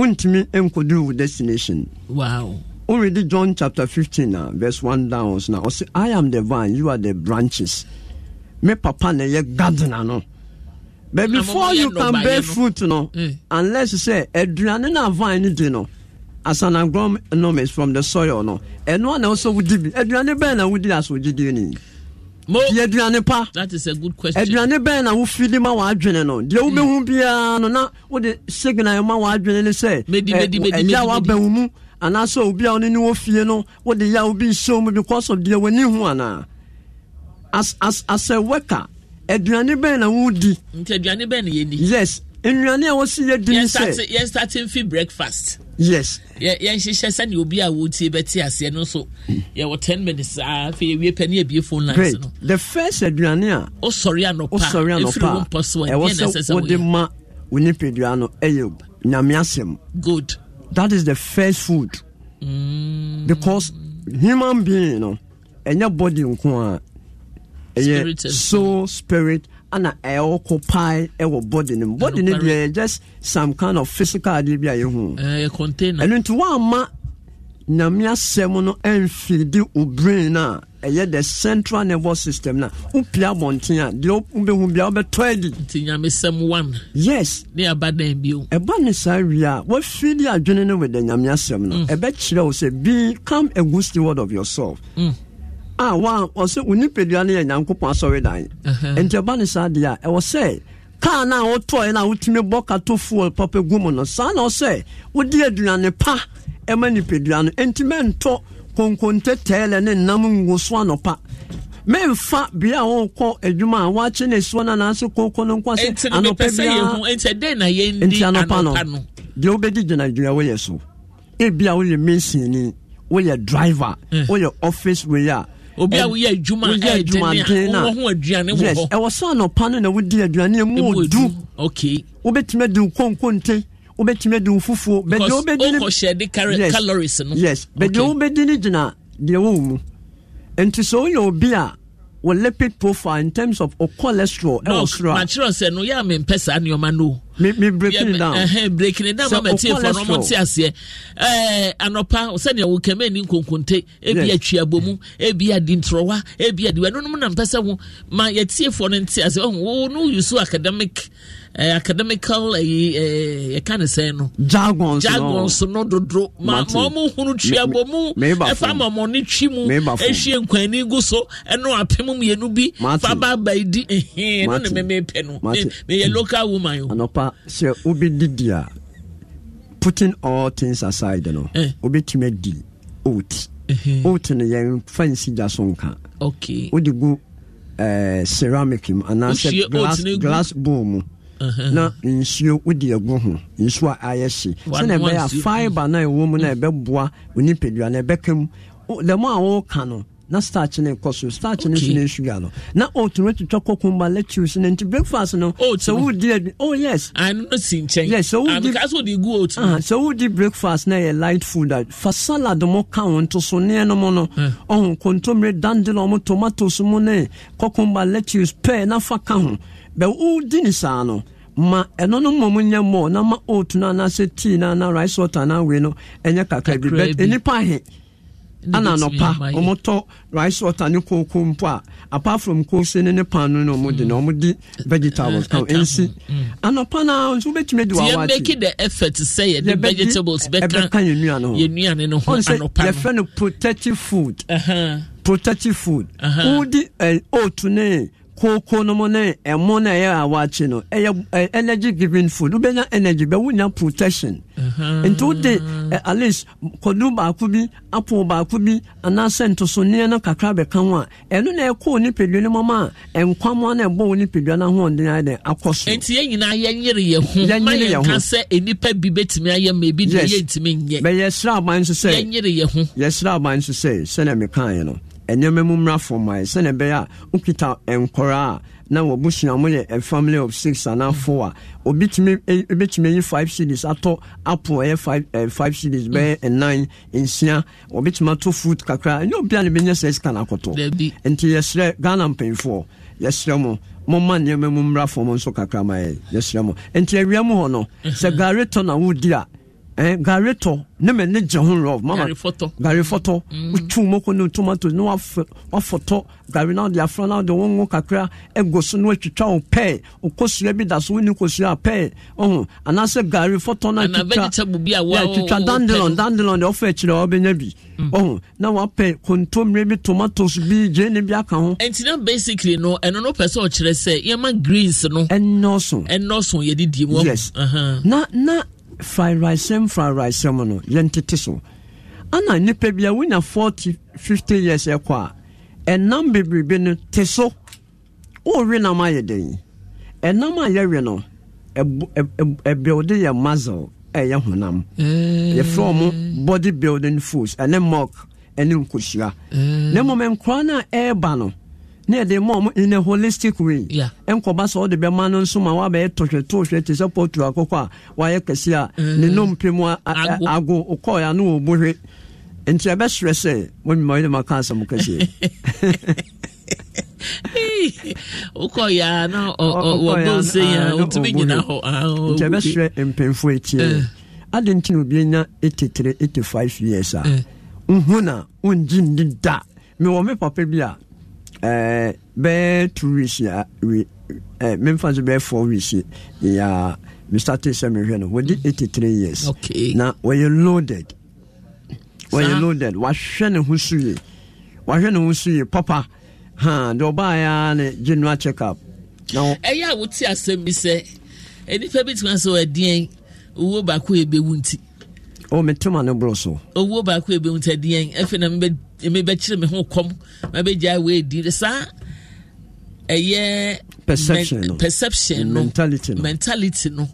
wontumi nkɔduru wo destination wow already john chapter 15 uh, verse 1 down na ɔse i am the vine you are the branches me papa na ɛyɛ gardener no but before you can bear fruit no eh. unless sɛ aduane no a vine no di no as an agronomist from the soil no ɛno a na wo sɛ wodi bi aduane bɛn na wodi as wogyedie ni yɛ aduane pa aduane bɛn na wofidi ma w'adwene no deɛ wobɛhu mm. biara no na wode signal ma w'adwene no sɛ ɛgya waba wo mu anaasɛ obi a wone ne wɔ fie no wode yɛ a wobi nhyɛ mu because of deɛ w'ani ho anaa as, as, as a worker aduane bɛn na wodi yes nnuane a wɔsi yɛ dini sɛ yɛn starting fi breakfast. yes. yɛn hyehyɛ sani obi a wotie bɛte aseɛ no so yɛwɔ ten minutes aa afei ewie pɛ ne ebie phone lines no. great the first aduane a. o sɔre anɔpa osɔre anɔpa efiri wo mpɔ so ɛwɔ sɛ wɔde ma wo nipadua no ɛyɛ nyame asɛm. good. that is the first food. Mm. because human being no ɛnyɛ body nko a ɛyɛ soul spirit ana ɛwɔ ko paa ɛwɔ body no mu body deɛ just some kind of physical adeɛ bi a yɛhu eh, ɛno nti woamma nyame asɛm no ɛmfidi wo brain no ɛyɛ the central nervous system no a wopia abɔnten a deɛ wobɛhu bia wobɛtɔ adi nti nyamesɛm one yes ne ɛba dan bio ɛba ne saa wie a woafidi adwene no with the nyame asɛm no mm. ɛbɛkyerɛ wo sɛ be come a good steward of yourself mm a ah, wa ɔsɛ wo nipadua no yɛ nyankopɔn asɔredan nti ɛba ne saa deɛ a ɛwɔ sɛ kaa no a wotɔɛ no a wotumi bɔ kato fuel papa gu mu no saa na ɔsɛ wode aduane pa ɛma nipadua no enti mɛntɔ konkonte tɛɛlɛ ne nam ngu so anɔpa memfa bia wɔkɔ adwuma a wakye ne suɔ no anaasɛ koko no nkɔ sɛ anɔpa biaa enti anɔpa no deɛ wobɛdi gyinadwuma woyɛ so ebia woyɛ mensiani woyɛ driver eh. woyɛ office wei a obi a woyɛ adwuma ɛdene a wowɔ ho aduane wɔ hɔ ɛwɔ sɛ anɔpa no na wodi aduane mu ɔdu okay wobɛtumi adi wo konkonten wobɛtumi adi wo fufuo bɛdeɛ wobɛdine calories no yes bɛdeɛ wobɛdine gyina deɛ wɔwo mu nti sɛ obi a wɔ lipid profile in terms of o cholesterol ɛwɔ soro a. makyerɛ sɛ no yɛ a mempɛ saa nneɛma no. mi mi breaking yeah, down ɛhɛn breaking down mama tie fɔ ɔmɔ ti aseɛ ɛɛ anɔpa sɛdeɛ wò kɛmɛ ni nkonkonte ebi atwi abomu ebi adi ntorɔwa ebi adi wɛ ɛnu nom na mpɛ sɛ ho ma yɛ tie fɔ no ti aseɛ ɔhun wo no use academic uh, academical yɛka ne sɛn no jargons jargons no dodo ma ɔmo hunu tuabɔ mu ɛfa eh, ma ɔmo ne twi mu ɛhyɛ eh, nkwani gu so ɛno apem mmienu bi fa ba ba di ɛhɛn no ne mmepɛ no meyɛ local woman o. anɔpa sɛ obi didi putting all things aside no obi tumi di oat oat no yɛn fansi gya so nka wode gu ceramic mu anaasɛ glass bowl mu. Uh-huh. na nsuo wodi egu ho nsuo a ayɛ hye sɛnɛ ɛbɛyɛ a fibre na ɛwɔ mu na mm. ɛbɛboa onipadua na ɛbɛka mu dɛm a wɔreka no na starch ne kɔ so starch ne so ne sugar no na ɔtumi twitwa kɔkumba lettuce ne nti breakfast no sɛ wodi adi oh yes ano si nkyɛn yes sɛ wodi aso de gu oat ah, sɛ wodi breakfast na yɛ light food a fa salad mo ka ho ntosoneɛ no mu eh. no ɔho kontomire dandelion mo tomatoes mu ne kɔkumba lettuce pear na fa ka ho bɛ wodi ne saa no ma ɛno no mmom nyɛ mmɔ na ma oat na anaasɛ tea na na rice water na awei no ɛnyɛ kakra bi bɛ nnipa ahe ana anɔpa ɔmotɔ rice water ne kooko mpo a apart from koose ne ne pan no na ɔmo de na ɔmo di vegetables mm. kan nsi mm. anɔpa na nso wobɛtumi de wawa ti yɛbɛki the effort sɛ yɛde vegetables bɛka yɛn nua no ho yɛn nua no ho anɔpa no yɛfrɛ food. protective food protective food wodi oat ne kooko no mu ne ɛmo na ɛyɛ a waakye no ɛyɛ energy giving food wobɛnya energy bɛwonya protection uh-huh. nti wode at least kɔdu baako bi apo baako bi anaasɛ ntosonneɛ no kakra bɛka ho a ɛno na ɛkɔɔ nipadua no mama a nkwamoa no ɛbɔ wo nipadua no ahoɔden ayɛ dɛn akɔ so nti yɛn nyinaa yɛnyere yɛ ho ma yɛnka sɛ nnipa bi bɛtumi ayɛ ma ebi deɛ yɛntumi nyɛ bɛyɛsrɛ aban so sɛ yɛnyere yɛ ho yɛsrɛ aban so sɛ sɛnea mekaeɛ no nneɛma mu mmra fam ayɛ sɛne ɛbɛyɛ a wokita nkɔra na wɔbusua mo yɛ family of six anaa four a obi tumi e, ebɛtumi yi five cities atɔ apo ɛyɛ five eh, five cities bɛyɛ nnan nsia obi tumi ato food kakra ɛnyɛ obi a ne bɛnyɛ sɛ sika n'akɔtɔ nti yɛsrɛ ghana mpanyinfoɔ yɛsrɛ mo mɔma nneɛma mu mmra fam nso kakra ma yɛ yɛsrɛ mo nti awia mu hɔ no sɛ gare tɔ na wodi a eh, gare tɔ ne mɛ ne jɛ ho rɔ mama gare fɔtɔ gare fɔtɔ mm. tu mo ko ne tomato ne wa fɔtɔ gare na de afra na de wɔn ŋo kakra ego so ne twitwa o pɛɛ o ko sua bi da so woni ko sua pɛɛ ɔhun anaasɛ gare fɔtɔ na twitwa ya twitwa dandelon dandelon de ɔfɛ kyerɛ ɔbɛnya bi ɔhun mm. na wa pɛ kontomire bi tomatoes bi gyeene bi aka ho. ntina basically no ɛno no pɛ sɛ ɔkyerɛ sɛ yɛma greens no. ɛnɔɔso ɛnɔɔso yɛ di die mu. yes na na. fairaisɛm fairaisɛm no yɛntete so ana nnipa bi a wonya 40 50 years ɛkɔ a ɛnam bebrebe no te so worewe nam ayɛ den ɛnam a yɛwe no ɛbɛwde yɛ muscle ɛyɛ eh, honam eh. yɛfrɛ mo body building foods ɛne mok ɛne nkohyira eh. na mmom nkoraa no a ɛreba no ne yɛde ma in a holistic way nkɔba sɛ ɔde bɛma no nso ma wabɛyɛ tohwɛ tohwɛ te sɛ pɔtu akɔkɔ a wayɛ kɛse a mm. ne nom pem ago kɔɔyɛ ano wɔ bohwe nti ɛbɛserɛ sɛ wɔnwuma yɛde maka asɛm kɛseɛ *laughs* wokɔyɛ na wɔbɔ nsɛ yɛ wotumi nyina hɔ ah, nti ɛbɛserɛ mpemfo ɛtiɛ eh. ade nti na obi three 83 five years a eh. nhu na wongye ndi da mewɔ me papa bi a Eh, bɛɛ two weeks ya we ɛɛ eh, min fa so bɛɛ four weeks ya mi start sɛ mi hwɛ no wɔdi eighty three years okay. na wɔyɛ loaded wɔyɛ loaded wahwɛ ne ho so yie wahwɛ ne ho so yie papa ha de ɔbaa ya ne general check up. ɛyɛ a wote asɛm bi sɛ nipa bi tena sɛ ɔadiɛn owó baako ebɛwu nti o oh, mi tuma ne bolo so. owó baako ebi n ta diɛ efi na mi bɛ kyerɛ mi ho kɔm ma bɛ gya awo edi saa ɛyɛ. perception no mentality no mentality no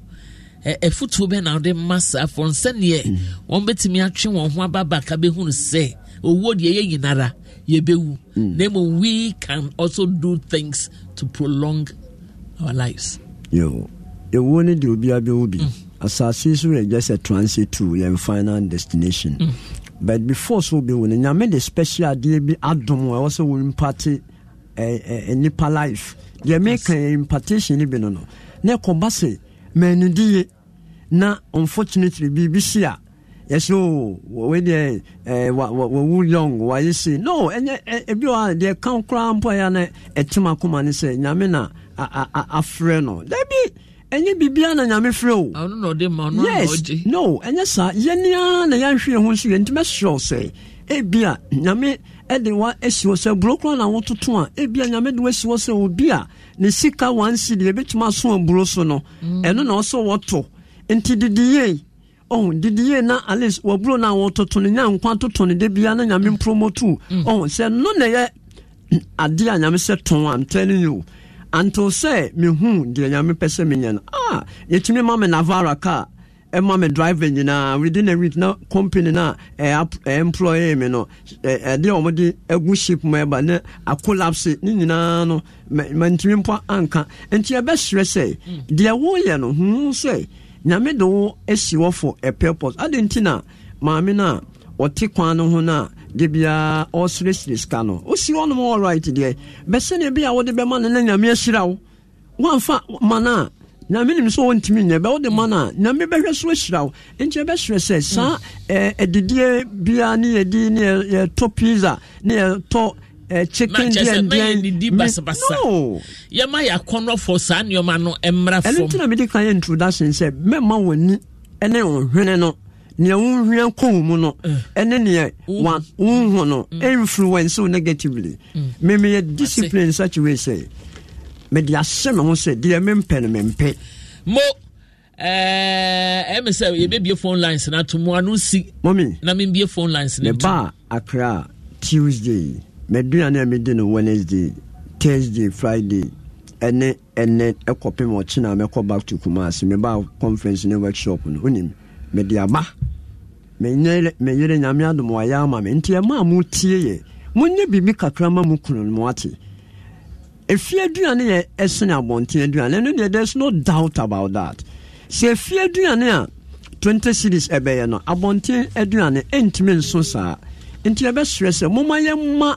ɛfutuo bɛ na ɔde mma saa fɔ nsɛnniɛ mm. wɔn bɛtumi atwe wɔn ho aba baaka bɛhunu sɛ owó deɛ yɛ nyinara yɛbɛwu mm. na emu we can also do things to prolong our lives. yɛwɔ ewu ne deɛ obiara bɛwu bi. Mm asase so yɛ just a transit to yɛn final destination mm. but before so bi wɔ no nyame de special adeɛ bi adom a ɛwɔ sɛ wɔn mpate ɛɛ ɛ nipa life deɛ meka yɛ impartation no bi no no na ɛkɔba sɛ mɛnu di na unfortunately biribi si a yɛsɛ o oh, wɔdeɛ ɛɛ wɔwu young wɔayɛ se no ɛnyɛ ebi wɔ a deɛ kan koraa mpo a yɛ ana ɛtem akoma ne sɛ nyame na a a afrɛ no dabi ɛnyɛ biribiara na nyame frɛ o yes no ɛnyɛ saa yɛne ara na yɛanhwɛ ho so yɛntumi ɛsrɛ sɛ ebia nyame ɛde wa asi hɔ sɛ buro koraa na wototo a ebia nyame de wasi hɔ sɛ obi a ne sika wansi deɛ ebɛtumi aso aburo so no mm. ɛno na ɔsɛ wɔto nti didiye ɔhun didiye na alice wɔburo na wɔtoto ne nya nkwa toto ne de bia na nyame mm. mpromotu mm. ɔhun sɛ no na yɛ adeɛ a nyame sɛ tɔn a ntɛni yi o anto sɛ mehu deɛ nyame pɛ sɛ menyɛ no ah, yɛtumi ma me navara car ɛma e me driver nyinaa within a week na company na e ɛemployee e me no ɛde a agu ship mu ɛba ne akolapse ne nyinaa no mantumi mpo anka nti ɛbɛserɛ sɛ mm. deɛ woyɛ no hu sɛ nyame de wo asi hɔ for a purpose ade nti na maame no a ɔte kwan no ho no a de biara ɔresresre sika no wosi hɔ nom ɔright deɛ bɛsɛne bi a wode bɛma no na nyame ahyira wo woamfa mana no a nyame nim sɛ wɔntumi nyɛ bɛwode ma no a nyame bɛhwɛ so ahyira wo nti ɛbɛserɛ sɛ saa adidiɛ biara ne yɛdi ne yɛtɔ pizza ne yɛtɔ no yɛma yɛ akɔnɔfo saa nneɛma no mmra fam ɛno mede ka yɛ introduction sɛ mɛma w'ani ne wo no nea wohwia kɔ mu no eh. ɛne neɛ wohu no mm. Mm. influence wo negatively mm. memeyɛ discipline such way sɛ mede ahyɛ me ho sɛ deɛ mempɛ no mempɛ mo eh, ɛmɛ sɛ yɛbɛbie phone lines Na ato mu ano si mɔmi na membie phone lines no mebaa akra tuesday medua no a mede no wednesday thursday friday ɛne ɛnɛ ɛkɔpem ɔkyena mɛkɔ back to kumase Meba conference ne workshop no wonim mede aba menyere nyame adom ayɛ ama me nti ɛma a motie yɛ monyɛ biribi kakra ma mu kunu no mo ate ɛfie aduane yɛ ɛsene abɔnten aduane ɛno deɛ there's no doubt about that sɛ ɛfie aduane a 20 series ɛbɛyɛ no abɔnten aduane ɛntumi nso saa nti yɛbɛserɛ sɛ moma yɛma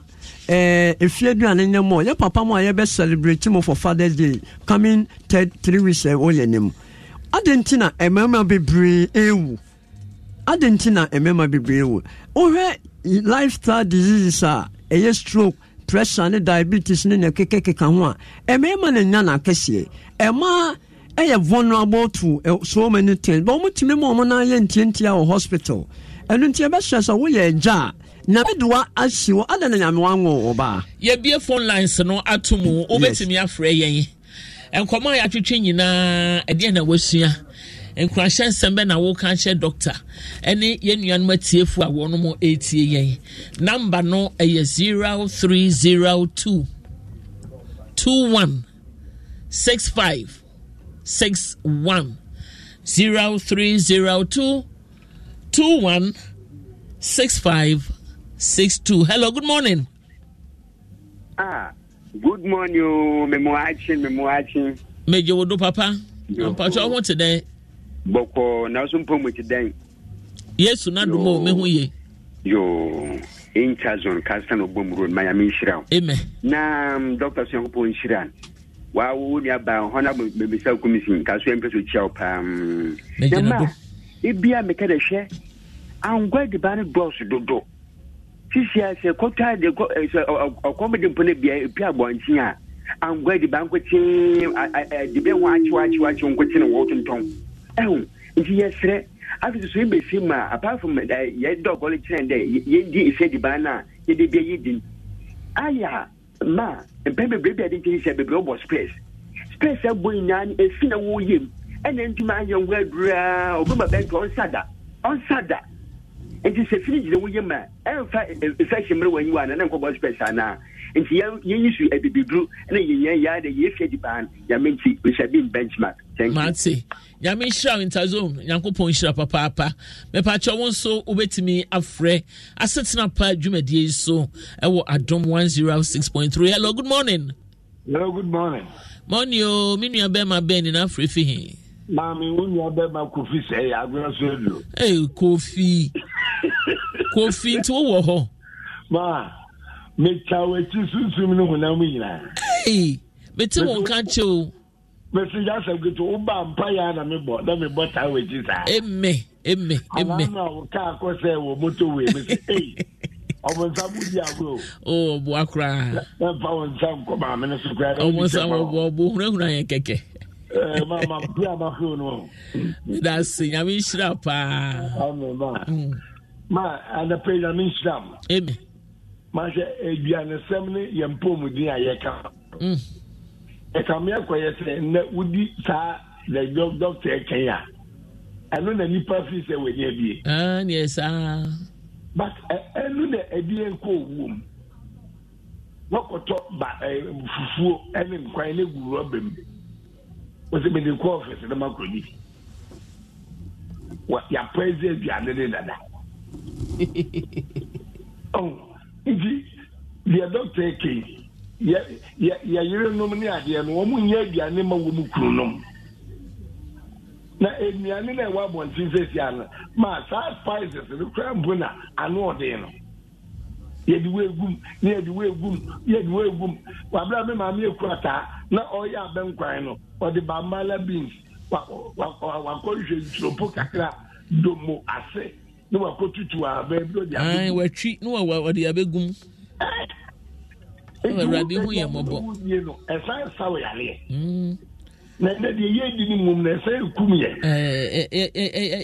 ɛfie aduane nyɛ mɔ yɛ papa mu a yɛbɛ celebrate mu for fathers day coming third three weeks ɛwɔ yɛ ne adɛn nti na mmarima bebree ɛɛwu adɛn nti na mmarima bebree ɛɛwu wohwɛ lifestyle diseases a ɛyɛ stroke pressure ne diabetes ne ne kekekeka ho a mmarima na nya n'akɛseɛ mmaa ɛyɛ vulnerable to eh, so many things but wɔtumi ma wɔn nan yɛ ntiantia wɔ hospital ɛno nti ɛbɛhyɛ sɛ woyɛ agya a na bɛdoa ahyi wɔ adɛn na nyame wanwo wɔ baa yɛbie phone lines no ato mu wobɛtumi afrɛ yɛn nkɔmɔ a yɛatwetwe nyinaa ɛdeɛ na wasua nkuranhyɛ nsɛm bɛ na wɔka hyɛ dɔkta ɛne yɛn nuanom atiefo a wɔn ɛretie yɛn namba no ɛyɛ zero three zero two two one six five six one zero three zero two two one six five six two hello good morning. Ah good morning o oh, memo achi memo achi. meje wodo papa mpatsɛ ɔmo te dɛn. bɔkɔ n'aso mpɔ mo te dɛn. yesu n'adumo o mehu ye. yoo incha zone kastan ogbom road miami nhyira o. amen. na dɔkta sunyankunpɔ nhyira waa wo ni aba hɔn na bɛbisa komisi kaso yɛn mpɛsɛ kyia o paa. Um. meje na do. ebi a meka de hwɛ angwa ediba ne dɔɔso dodo sisi a sɛ kɔtɔ de sɛ ɔkɔmɔden mpɔnne bia epi abɔnten a angwa de ba nkɔtee de bɛ wɔn akyew akyew akyew nkɔtee na wɔtontɔn ɛho nti yɛsrɛ afei so ebesi mu a apart from ɛɛ yɛdɔ ɔkɔle kyerɛ dɛ yɛdi ese de ba na yɛde bia yɛ din aya ma mpɛn bebree bi a de nkyɛn sɛ bebree ɔbɔ space space ɛbɔ nyinaa efi na wɔyɛ mu ɛna ntoma ayɛ nkwa dura ɔbɛn ba nti sɛ firi gyina woyɛ ma ɛmfa infection eh, eh, mmerɛ wanyi wa na na nkɔ bɔspɛs anaa nti yɛyi so adibiduru na yɛyɛ yɛa dɛ yɛfia di baa nyame nti resabin benchmark mate nyame nhyira wo ntazom nyankopɔn nhyira papaapa mepakyɛ wo nso wobɛtumi afrɛ asetena pa dwumadie yi so ɛwɔ adom 106.3 hello good morning hello good morning mɔne o me nua bɛma bɛn nyinaa frɛ fi he maame wo nua bɛma kofi sɛ yɛ agorɔ so aduro kofi kofi nti wowɔ hɔ ma metwa w'akyi sunsum no honam nyinaa mete wɔ nka nkye o mesi yasɛm keto woba mpa yɛ na mebɔ na a mebɔ taa w'akyi saa eme eme eme na wo kaa kɔ sɛ wɔ moto wei se, ei ɔmo nsa mo di agorɔ o ɔboa koraa na mfa wo nsa nkɔ maame no so koraa ɔmo nsa ɔbo ɔbo hunahuna yɛn kɛkɛ mama bia ma hwɛ no that's nyame nhyira paa ma anapɛ nyame nhyira m mm. mahyɛ aduanesɛm ne yɛ mpɔmuden a yɛka mm. ɛkameɛkɔyɛ sɛ nnɛ wodi saa the dɔkta ɛkɛn a ɛno na nipa fii sɛ w'ani abie ah, but ɛno na abie nkɔ owuo mu ba fufuo ne nkwan ne gu rɔba mu wɔsɛ mede kɔ ɔfɛs ne makɔdi yɛapɛ dze aduane ne dada nti deɛ dɔkta eke yɛyerenom ne adeɛ no wɔn nyɛ aduane ma wɔn kununom na aduane na ɛwɔ abɔnten sɛsi ano maa saa spices no kura mpo na ano ɔden no yɛde wo yɛde wo yɛde wo wabere maame taa na ɔyɛ abɛnkwan no ɔde bambala beans kakra ase. na wakɔtutu a baabi na watwi na wɔde abɛgum awurade ho yɛ mmɔbɔ ɛsan saw yareɛ hmm. na na deɛ yɛdi no mmom na ɛsan kum yɛ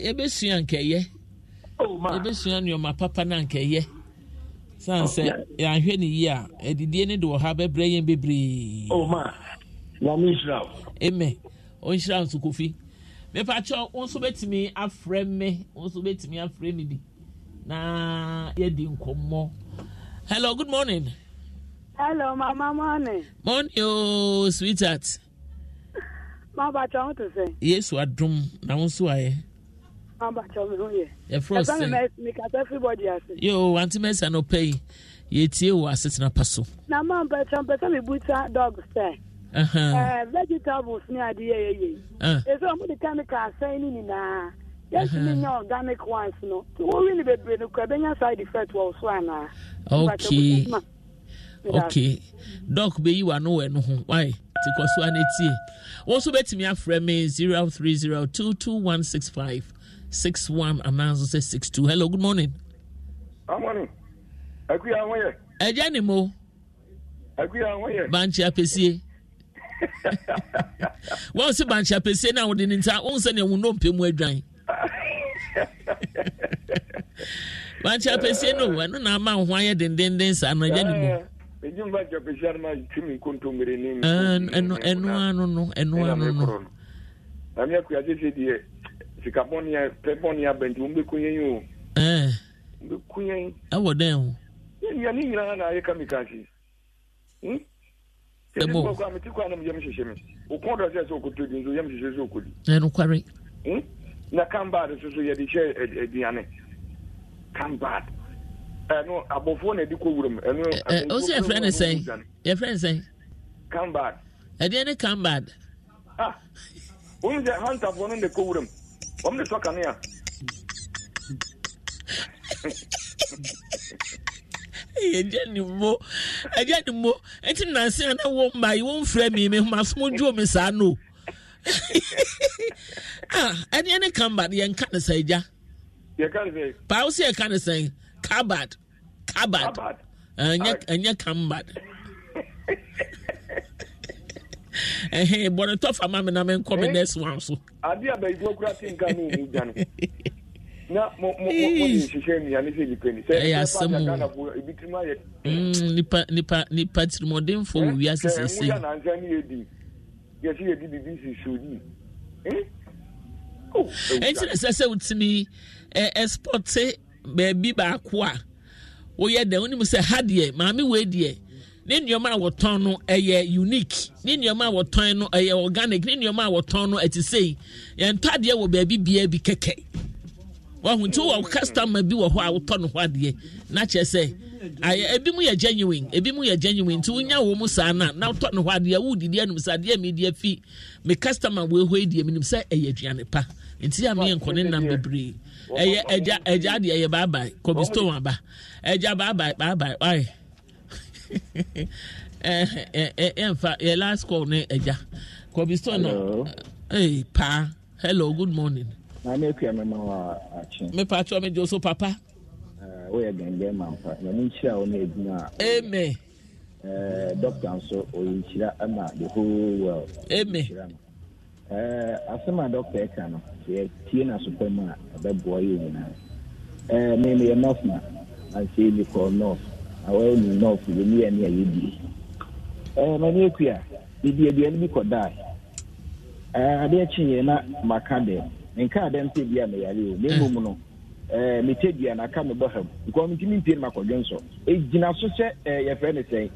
yɛbɛsua nkɛyɛ yɛbɛsua nneɔma papa no nkɛyɛ san sɛ yɛanhwɛ ne yie a adidie no de wɔ ha bɛbrɛ yɛn bebree amen ɔnhyira nso kofi mepa kyɛ nso bɛtumi afrɛ me wo nso bɛtumi afrɛ me bi na yɛdi nkɔmmɔ hello good morning hello mama morning morning o oh, sweetheart mabakyɛ wo te sɛ yesu adom na wo nso ayɛ mabakyɛ me ho yɛ yɛfrɛ sɛ mekasa fribɔde ase yo ante mɛsa no pɛ yi yɛtie wɔ asetena pa so na mampɛkyɛ mpɛ sɛ mebuta dog sɛ vegetables ni adeɛ yɛ yɛ yi efi de chemical asɛn ni nyinaa yɛtumi nya organic ones no ti wɔwi ni bebree no kura bɛnya side effect wɔ so anaa. okay okay doc bɛyi wa no wɛ no ho why ti kɔ so a na tie wɔn nso bɛtumi afrɛ me zero three zero two two one six five six one anaso sɛ six two hello good morning. good morning akuya ahoyɛ. ɛjɛ ni mo. akuya ahoyɛ. banchi apesie. wọn si bankyɛ pese na wɔde ne nsa wɔn sɛ ne wuno mpɛ mu na ama ho anya dendenden saa no ɛgya ne mu. ɛgye mu bankyɛ pese ano sika bɔnni pɛ bɔnni abɛnti bɛ kun yɛn o. ɛɛ bɛ kun yɛn. ɛwɔ o. nokware hmm? na cambad nso so yɛde hyɛ aduane cambad ɛno abɔfoɔ na ɛde kɔ wuram ɛno wo sɛ yɛfrɛ no sɛn yɛfrɛ eh, eh, no sɛn cambad ɛdeɛ ne cambad wonu sɛ hantafoɔ no na ɛkɔ wuram ɔm ne sɔ kanea ɛgya ne mo ɛgya ne mo ɛti nansi ana wɔn mba yi wɔn fira mi mi ho asom dwo mi saa no ah ɛni ɛni kambad yɛn ka ne sa ɛgya yɛ ka ne sɛn paawo si yɛ ka ne sɛn kabad kabad ɛnyɛ ɛnyɛ kambad ɛhɛn bɔnɛtɔ fama mi na mi nkɔ mi eh? next one so. adi abayifoɔ kura ti nka mi ò mu *laughs* na mo mo mo nhyehyɛ nnuane sɛ nipa ni sɛ ɛyɛ asɛm o ebi tiri ma yɛ. Mm, nipa nipa nipa tirimɔdenfo wɔ eh, wiase sese. ɛɛ mo nansa ni yɛ di yɛsi yɛ di bibi si so di. ɛnti eh? oh, eh, na sɛ sɛ wotumi ɛ ɛspɔte baabi baako a woyɛ dɛ wonim sɛ ha deɛ maame wei deɛ ne nneɛma a wɔtɔn no ɛyɛ unique ne nneɛma a wɔtɔn no ɛyɛ organic ne nneɛma a wɔtɔn no ɛte sei yɛntɔ adeɛ wɔ baabi bia bi kɛkɛ wahu nti wowɔ customer bi wɔ hɔ a wotɔ no hɔ adeɛ na kyerɛ sɛ ayɛ ebi mu yɛ genuine ebi mu yɛ genuine nti wonya wɔ mu saa na na wotɔ no hɔ adeɛ wodidi anum sɛ adeɛ mi di afi me customer wo ehɔ edie mi nim sɛ ɛyɛ aduane pa nti a mi yɛ nkɔ ne nam bebree ɛyɛ ɛgya ɛgya adeɛ yɛ baabae kɔbi stone aba ɛgya baabae baabae ɔyɛ *laughs* ɛɛ ɛɛ ɛnfa yɛ last call ne ɛgya kɔbi stone no ɛɛ paa hello good morning na ne kua me wa akye me pa me jo so papa eh wo ma mpa na mu nchira wo na edina amen eh doctor nso o ye the whole world amen eh asema doctor ka no ye tie na so pema abeboa ye nyina eh me me ye ni ko north awɔ ni north ye ni ma ne kua bibi bi ko dai eh, eh na maka dem nka dɛ mpɛ bi a meyare o na mmom no metɛ dua na aka mebɔ ham because mentumi mpie no makɔdwe nsɔ ɛgyina so eh, sɛ yɛfrɛ no sɛn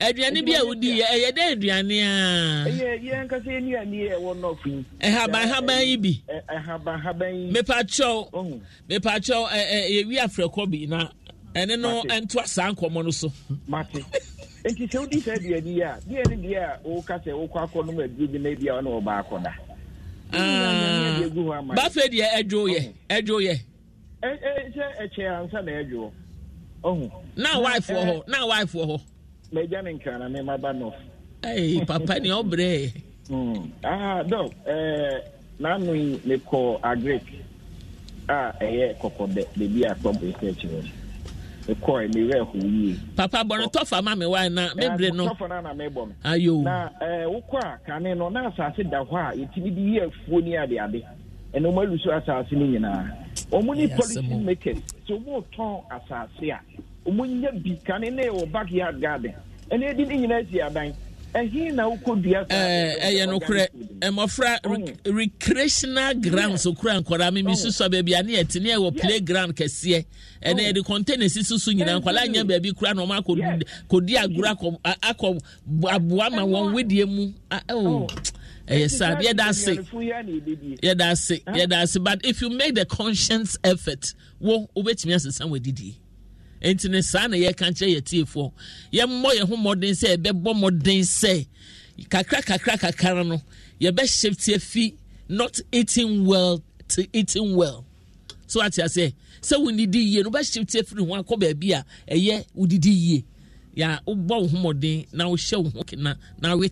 aduane bi a wodi ɛyɛ dɛ aduane a yɛnkasa yɛni ani ɛwɔ nɔfo yi ɛhabanhaban eh, yi bi ɛhabanhaban eh, yi mepakyɛw mepakyɛw mm. yɛwi afrɛkɔ bi na ɛne no ɛntoa saa nkɔmmɔ no so mate nti sɛ wodi saa aduane yi a deɛ ne deɛ a woka sɛ akɔ nom aduro bi na bi a ɔne wɔbaakɔ da bafe deɛ ɛdwo yɛ ɛkyɛ e, e, e, ansa na ɛdwo na na mɛgya ne nkira na mɛma ba ɛyi papa ni kɔɛ mi rɛ hɔ yie. papa bɔnni tɔfa ma mi wa na mebire no. tɔfa na na mi bɔ mi. ayo. na ɛɛ wokɔ a kane no na asase da hɔ a yɛtumi de yɛ afuo ni ade ade ɛna wɔn alu so asase no nyinaa wɔn ni policy makers sɛ wɔn tɔn asase a wɔn nya bi kane ne yɛ wɔ backyard garden ɛna edi ne nyinaa si adan ɛhin na wokɔdua eh, ɛyɛ nokorɛ eh, mmɔfra recreational grounds okura nkɔraa me mesusua baabi ane yɛtene ɛwɔ play ground kɛseɛ ɛnɛ eh, yɛde container sisi so nyinaa nkɔla nyɛ baabi kora na ɔma kɔdi agorɔ akɔ aboa ma wɔn wedie mu ah, oh. Oh. ɛyɛ sad yɛda ase yɛda ase yɛda ase but if you make the conscience effort wo wobɛtumi asesa wɔ adidie nti ne saa na yɛka kyerɛ yɛtiefoɔ yɛmmɔ yɛn ho mmɔden sɛ yɛbɛbɔ mmɔden sɛ kakra kakra kakra no yɛbɛhyɛ tie fi not eating well to eating well so ate aseɛ sɛ wonidi yie no wobɛhyɛ tie firi ho akɔ baabi a ɛyɛ wodidi yie yà wobɔ wo ho mmɔden na wohyɛ wo ho kena na awe